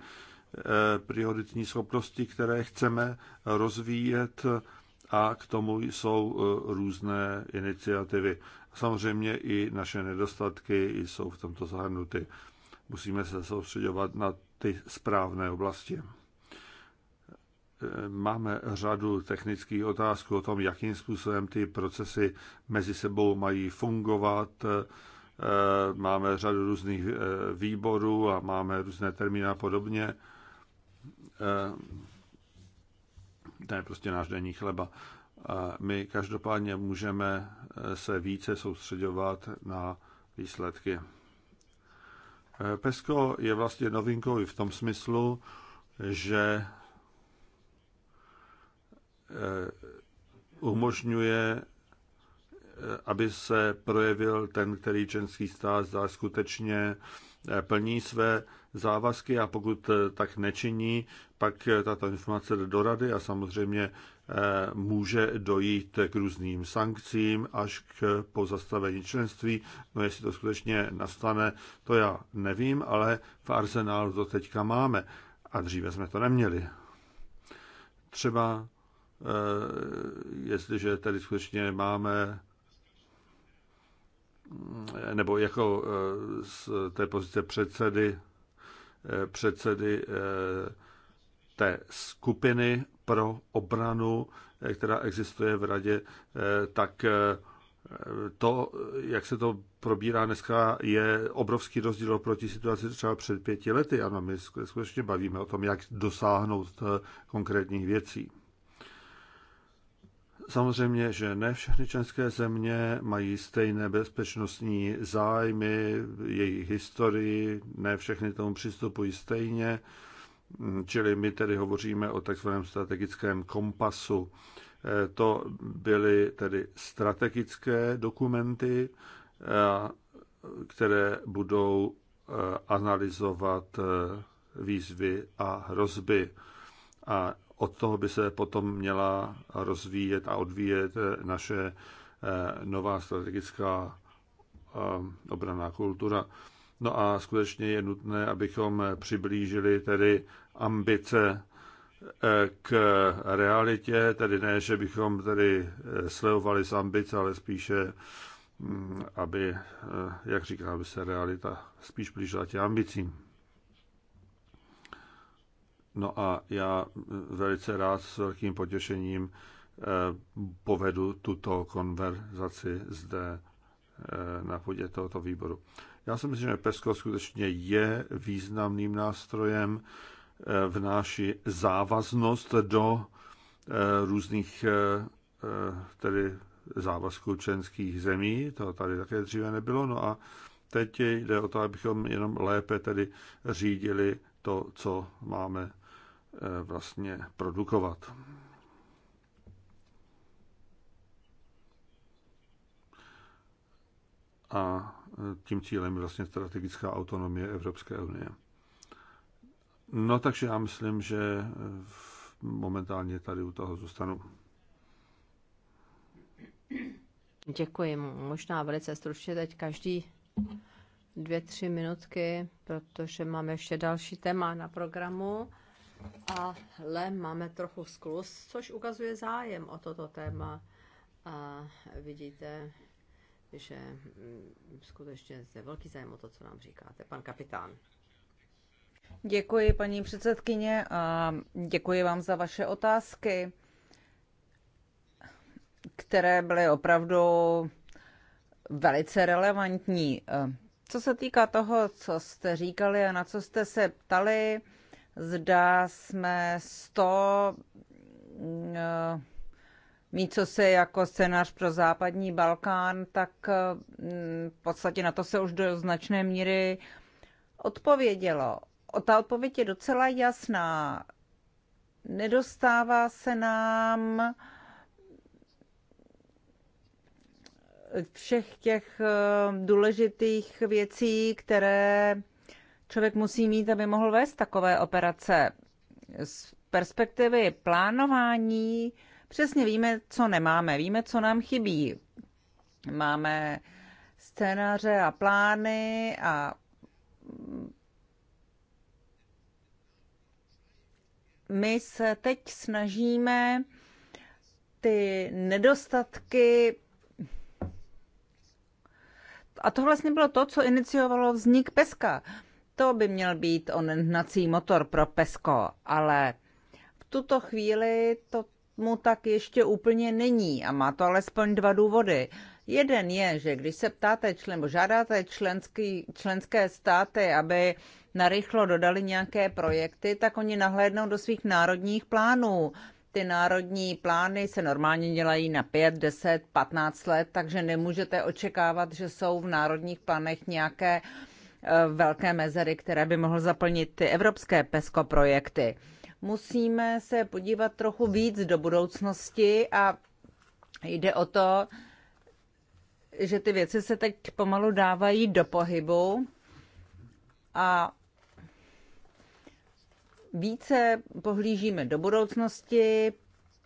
S3: eh, prioritní schopnosti, které chceme rozvíjet a k tomu jsou různé iniciativy. Samozřejmě i naše nedostatky jsou v tomto zahrnuty. Musíme se soustředovat na ty správné oblasti máme řadu technických otázků o tom, jakým způsobem ty procesy mezi sebou mají fungovat. E, máme řadu různých e, výborů a máme různé termíny a podobně. E, to je prostě náš denní chleba. A my každopádně můžeme se více soustředovat na výsledky. PESCO je vlastně novinkou i v tom smyslu, že Eh, umožňuje, eh, aby se projevil ten, který členský stát zdá skutečně eh, plní své závazky a pokud tak nečiní, pak tato informace jde do rady a samozřejmě může dojít k různým sankcím až k pozastavení členství. No jestli to skutečně nastane, to já nevím, ale v arzenálu to teďka máme a dříve jsme to neměli. Třeba Eh, jestliže tady skutečně máme eh, nebo jako eh, z té pozice předsedy, předsedy té skupiny pro obranu, která existuje v radě, tak to, jak se to probírá dneska, je obrovský rozdíl oproti situaci třeba před pěti lety. Ano, my skutečně bavíme o tom, jak dosáhnout konkrétních věcí. Samozřejmě, že ne všechny členské země mají stejné bezpečnostní zájmy, jejich historii, ne všechny tomu přistupují stejně, čili my tedy hovoříme o takzvaném strategickém kompasu. Eh, to byly tedy strategické dokumenty, eh, které budou eh, analyzovat výzvy a hrozby. A od toho by se potom měla rozvíjet a odvíjet naše eh, nová strategická eh, obraná kultura. No a skutečně je nutné, abychom přiblížili tedy ambice eh, k realitě, tedy ne, že bychom tedy slevovali z ambice, ale spíše, mm, aby, jak říkám, aby se realita spíš blížila těm ambicím. No a já velice rád s velkým potěšením eh, povedu tuto konverzaci zde eh, na půdě tohoto výboru. Já si myslím, že PESCO skutečně je významným nástrojem, eh, v naší závaznost do různých tedy závazků členských zemí, to tady také dříve nebylo, no a teď jde o to, abychom jenom lépe tedy řídili to, co máme Eh, vlastně produkovat. A eh, tím cílem je vlastně strategická autonomie Evropské unie. No takže já myslím, že eh, momentálně tady u toho zůstanu.
S2: Děkuji. Možná velice stručně teď každý dvě, tři minutky, protože máme ještě další téma na programu ale máme trochu sklus, což ukazuje zájem o toto téma. A vidíte, že mm, skutečně je velký zájem o to, co nám říkáte. Pan kapitán.
S1: Děkuji, paní předsedkyně, a děkuji vám za vaše otázky, které byly opravdu velice relevantní. Co se týká toho, co jste říkali a na co jste se ptali, Zda jsme 100 eh, mít co se jako scénář pro západní Balkán, tak mm, v podstatě na to se už do značné míry odpovědělo. O ta odpověď je docela jasná. Nedostává se nám všech těch eh, důležitých věcí, které člověk musí mít, aby mohl vést takové operace. Z perspektivy plánování přesně víme, co nemáme, víme, co nám chybí. Máme scénáře a plány a my se teď snažíme ty nedostatky a to vlastně bylo to, co iniciovalo vznik Peska. To by měl být on hnací motor pro PESKO, ale v tuto chvíli to mu tak ještě úplně není a má to alespoň dva důvody. Jeden je, že když se ptáte člen, nebo žádáte členský, členské státy, aby narychlo dodali nějaké projekty, tak oni nahlédnou do svých národních plánů. Ty národní plány se normálně dělají na 5, 10, 15 let, takže nemůžete očekávat, že jsou v národních plánech nějaké uh, Eh, velké mezery, které by mohl zaplnit ty evropské PESCO projekty. Musíme se podívat trochu víc do budoucnosti a jde o to, že ty věci se teď pomalu dávají do pohybu a více pohlížíme do budoucnosti,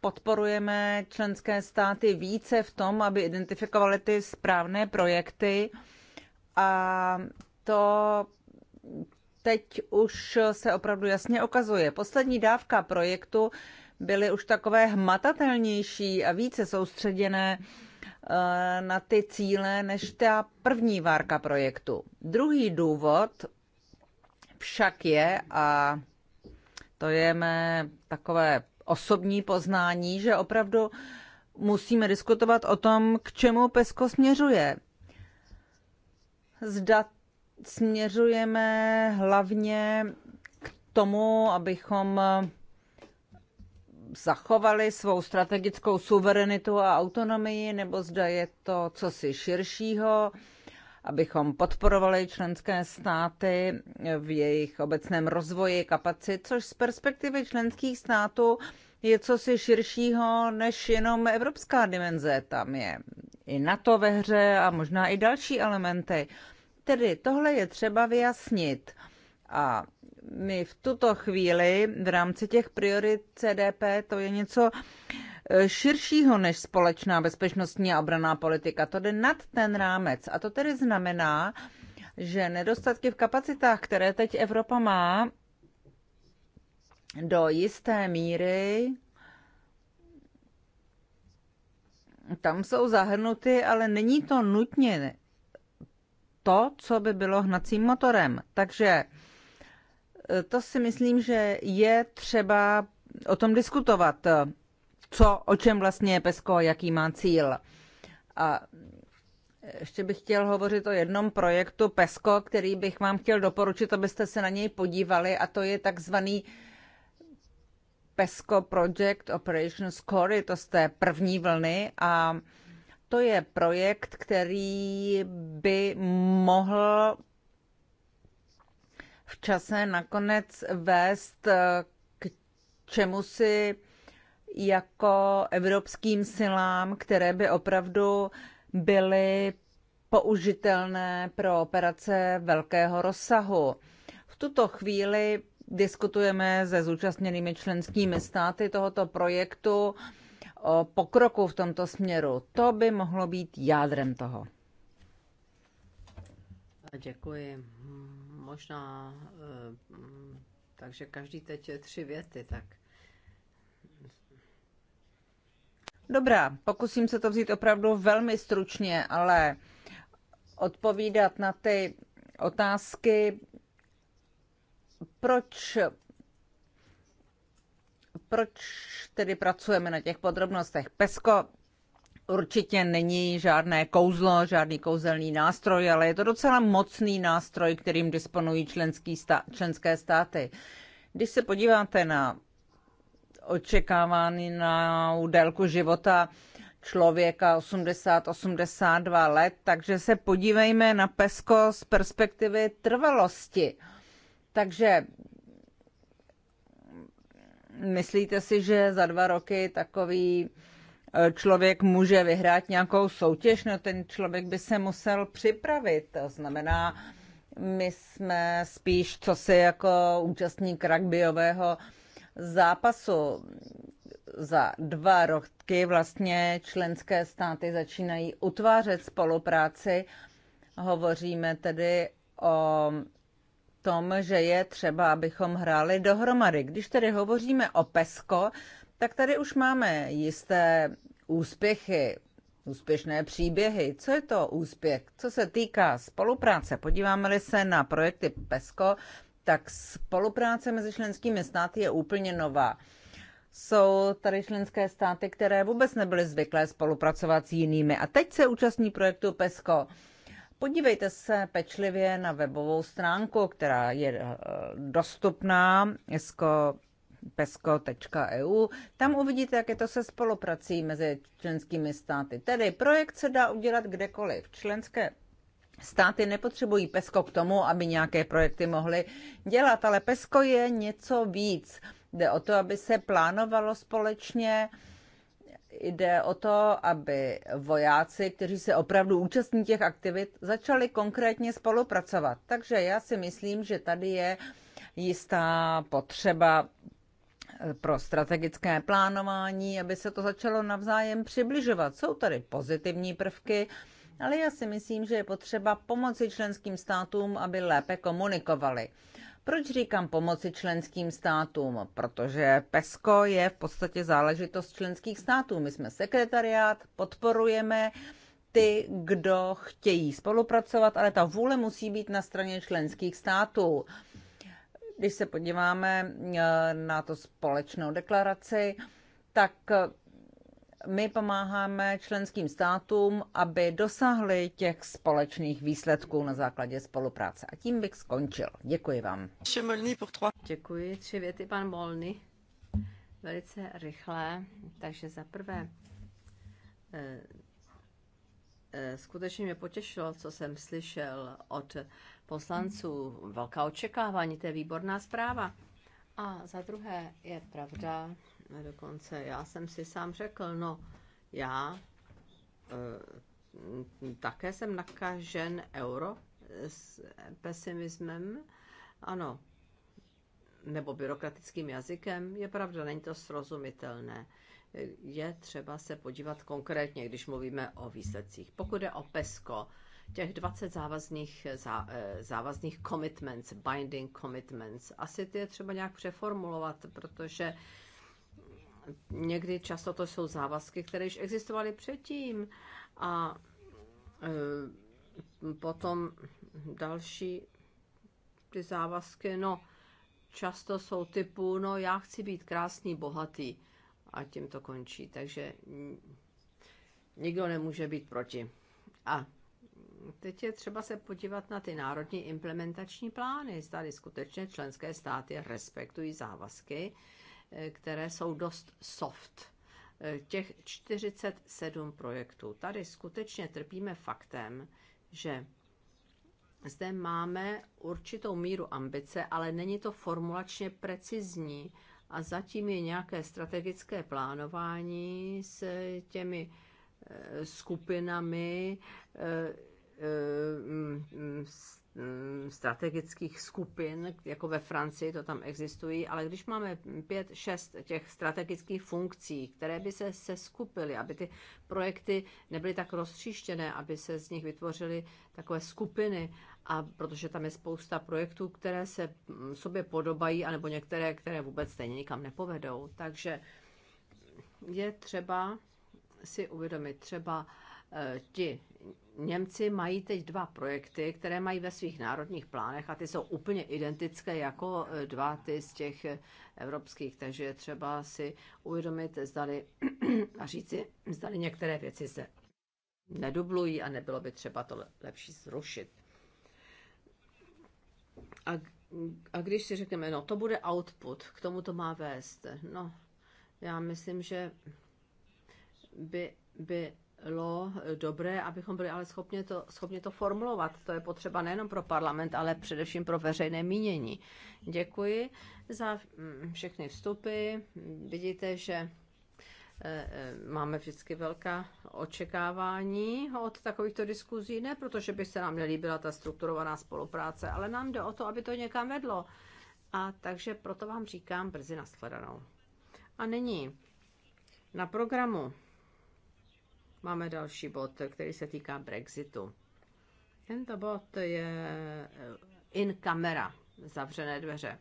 S1: podporujeme členské státy více v tom, aby identifikovaly ty správné projekty a to teď už se opravdu jasně ukazuje. Poslední dávka projektu byly už takové hmatatelnější a více soustředěné eh, na ty cíle než ta první várka projektu. Druhý důvod však je, a to je mé takové osobní poznání, že opravdu musíme diskutovat o tom, k čemu PESCO směřuje. Zda směřujeme hlavně k tomu, abychom zachovali svou strategickou suverenitu a autonomii, nebo zda je to cosi širšího, abychom podporovali členské státy v jejich obecném rozvoji kapacit, což z perspektivy členských států je cosi širšího než jenom evropská dimenze. Tam je i NATO ve hře a možná i další elementy. Tedy tohle je třeba vyjasnit. A my v tuto chvíli v rámci těch priorit CDP to je něco eh, širšího než společná bezpečnostní a obraná politika. To jde nad ten rámec. A to tedy znamená, že nedostatky v kapacitách, které teď Evropa má, do jisté míry tam jsou zahrnuty, ale není to nutně to, co by bylo hnacím motorem. Takže e, to si myslím, že je třeba o tom diskutovat, e, co, o čem vlastně je PESCO, jaký má cíl. A ještě bych chtěl hovořit o jednom projektu PESCO, který bych vám chtěl doporučit, abyste se na něj podívali, a to je takzvaný PESCO Project Operations Core, to z té první vlny a to je projekt, který by mohl v čase nakonec vést k čemu si jako evropským silám, které by opravdu byly použitelné pro operace velkého rozsahu. V tuto chvíli diskutujeme se zúčastněnými členskými státy tohoto projektu o pokroku v tomto směru. To by mohlo být jádrem toho.
S2: Děkuji. Možná, eh, takže každý teď je tři věty, tak.
S1: Dobrá, pokusím se to vzít opravdu velmi stručně, ale odpovídat na ty otázky, proč proč tedy pracujeme na těch podrobnostech? PESCO určitě není žádné kouzlo, žádný kouzelný nástroj, ale je to docela mocný nástroj, kterým disponují členský členské státy. Když se podíváte na očekávaný na délku života člověka 80-82 let, takže se podívejme na PESCO z perspektivy trvalosti. Takže Myslíte si, že za dva roky takový e, člověk může vyhrát nějakou soutěž? No ten člověk by se musel připravit. To znamená, my jsme spíš co si jako účastník rugbyového zápasu za dva roky vlastně členské státy začínají utvářet spolupráci. Hovoříme tedy o tom, že je třeba, abychom hráli dohromady. Když tedy hovoříme o PESCO, tak tady už máme jisté úspěchy, úspěšné příběhy. Co je to úspěch? Co se týká spolupráce, podíváme-li se na projekty PESCO, tak spolupráce mezi členskými státy je úplně nová. Jsou tady členské státy, které vůbec nebyly zvyklé spolupracovat s jinými a teď se účastní projektu PESCO. Podívejte se pečlivě na webovou stránku, která je eh, dostupná pesko.eu. E Tam uvidíte, jak je to se spoluprací mezi členskými státy. Tedy projekt se dá udělat kdekoliv. Členské Státy nepotřebují PESCO k tomu, aby nějaké projekty mohly dělat, ale PESCO je něco víc. Jde o to, aby se plánovalo společně, jde o to, aby vojáci, kteří se opravdu účastní těch aktivit, začali konkrétně spolupracovat. Takže já si myslím, že tady je jistá potřeba eh, pro strategické plánování, aby se to začalo navzájem přibližovat. Jsou tady pozitivní prvky, ale já si myslím, že je potřeba pomoci členským státům, aby lépe komunikovali. Proč říkám pomoci členským státům? Protože PESCO je v podstatě záležitost členských států. My jsme sekretariát, podporujeme ty, kdo chtějí spolupracovat, ale ta vůle musí být na straně členských států. Když se podíváme eh, na to společnou deklaraci, tak eh, my pomáháme členským státům, aby dosáhly těch společných výsledků na základě spolupráce. A tím bych skončil. Děkuji vám.
S2: Děkuji. Tři věty, pan Molny. Velice rychlé. Takže za prvé, eh, eh, skutečně mě potěšilo, co jsem slyšel od poslanců. Velká očekávání, to je výborná zpráva. A za druhé je pravda, dokonce já jsem si sám řekl, no já e, také jsem nakažen euro eh, s pesimismem, ano, nebo byrokratickým jazykem, je pravda, není to srozumitelné. Eh, je třeba se podívat konkrétně, když mluvíme o výsledcích. Pokud je o PESCO, těch 20 závazných, zá, závazných commitments, binding commitments, asi ty je třeba nějak přeformulovat, protože někdy často to jsou závazky, které již existovaly předtím a e, potom další ty závazky, no často jsou typu, no já chci být krásný, bohatý a tím to končí, takže nikdo nemůže být proti. A teď je třeba se podívat na ty národní implementační plány. Zdali skutečně členské státy respektují závazky, které jsou dost soft. Těch 47 projektů. Tady skutečně trpíme faktem, že zde máme určitou míru ambice, ale není to formulačně precizní a zatím je nějaké strategické plánování s těmi eh, skupinami eh, eh, mm, mm, s Mm, strategických skupin, jako ve Francii, to tam existují, ale když máme pět, šest těch strategických funkcí, které by se seskupily, aby ty projekty nebyly tak roztříštěné, aby se z nich vytvořily takové skupiny, a protože tam je spousta projektů, které se mm, sobě podobají, anebo některé, které vůbec stejně nikam nepovedou. Takže je třeba si uvědomit třeba Eh, ti Němci mají teď dva projekty, které mají ve svých národních plánech a ty jsou úplně identické jako eh, dva ty z těch eh, evropských, takže je třeba si uvědomit zdali, a říci, zdali některé věci se nedublují a nebylo by třeba to lepší zrušit. A, a když si řekneme, no to bude output, k tomu to má vést, no já myslím, že by, by bylo dobré, abychom byli ale schopni to, schopni to formulovat. To je potřeba nejenom pro parlament, ale především pro veřejné mínění. Děkuji za mm, všechny vstupy. Vidíte, že e, e, máme vždycky velká očekávání od takovýchto diskuzí, ne protože by se nám nelíbila ta strukturovaná spolupráce, ale nám jde o to, aby to někam vedlo. A takže proto vám říkám brzy nashledanou. A nyní na programu máme další bod, který se týká Brexitu. Tento bod je in camera, zavřené dveře.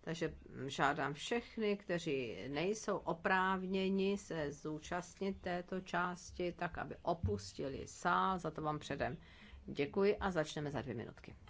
S2: Takže žádám všechny, kteří nejsou oprávněni se zúčastnit této části, tak aby opustili sál. Za to vám předem děkuji a začneme za dvě minutky.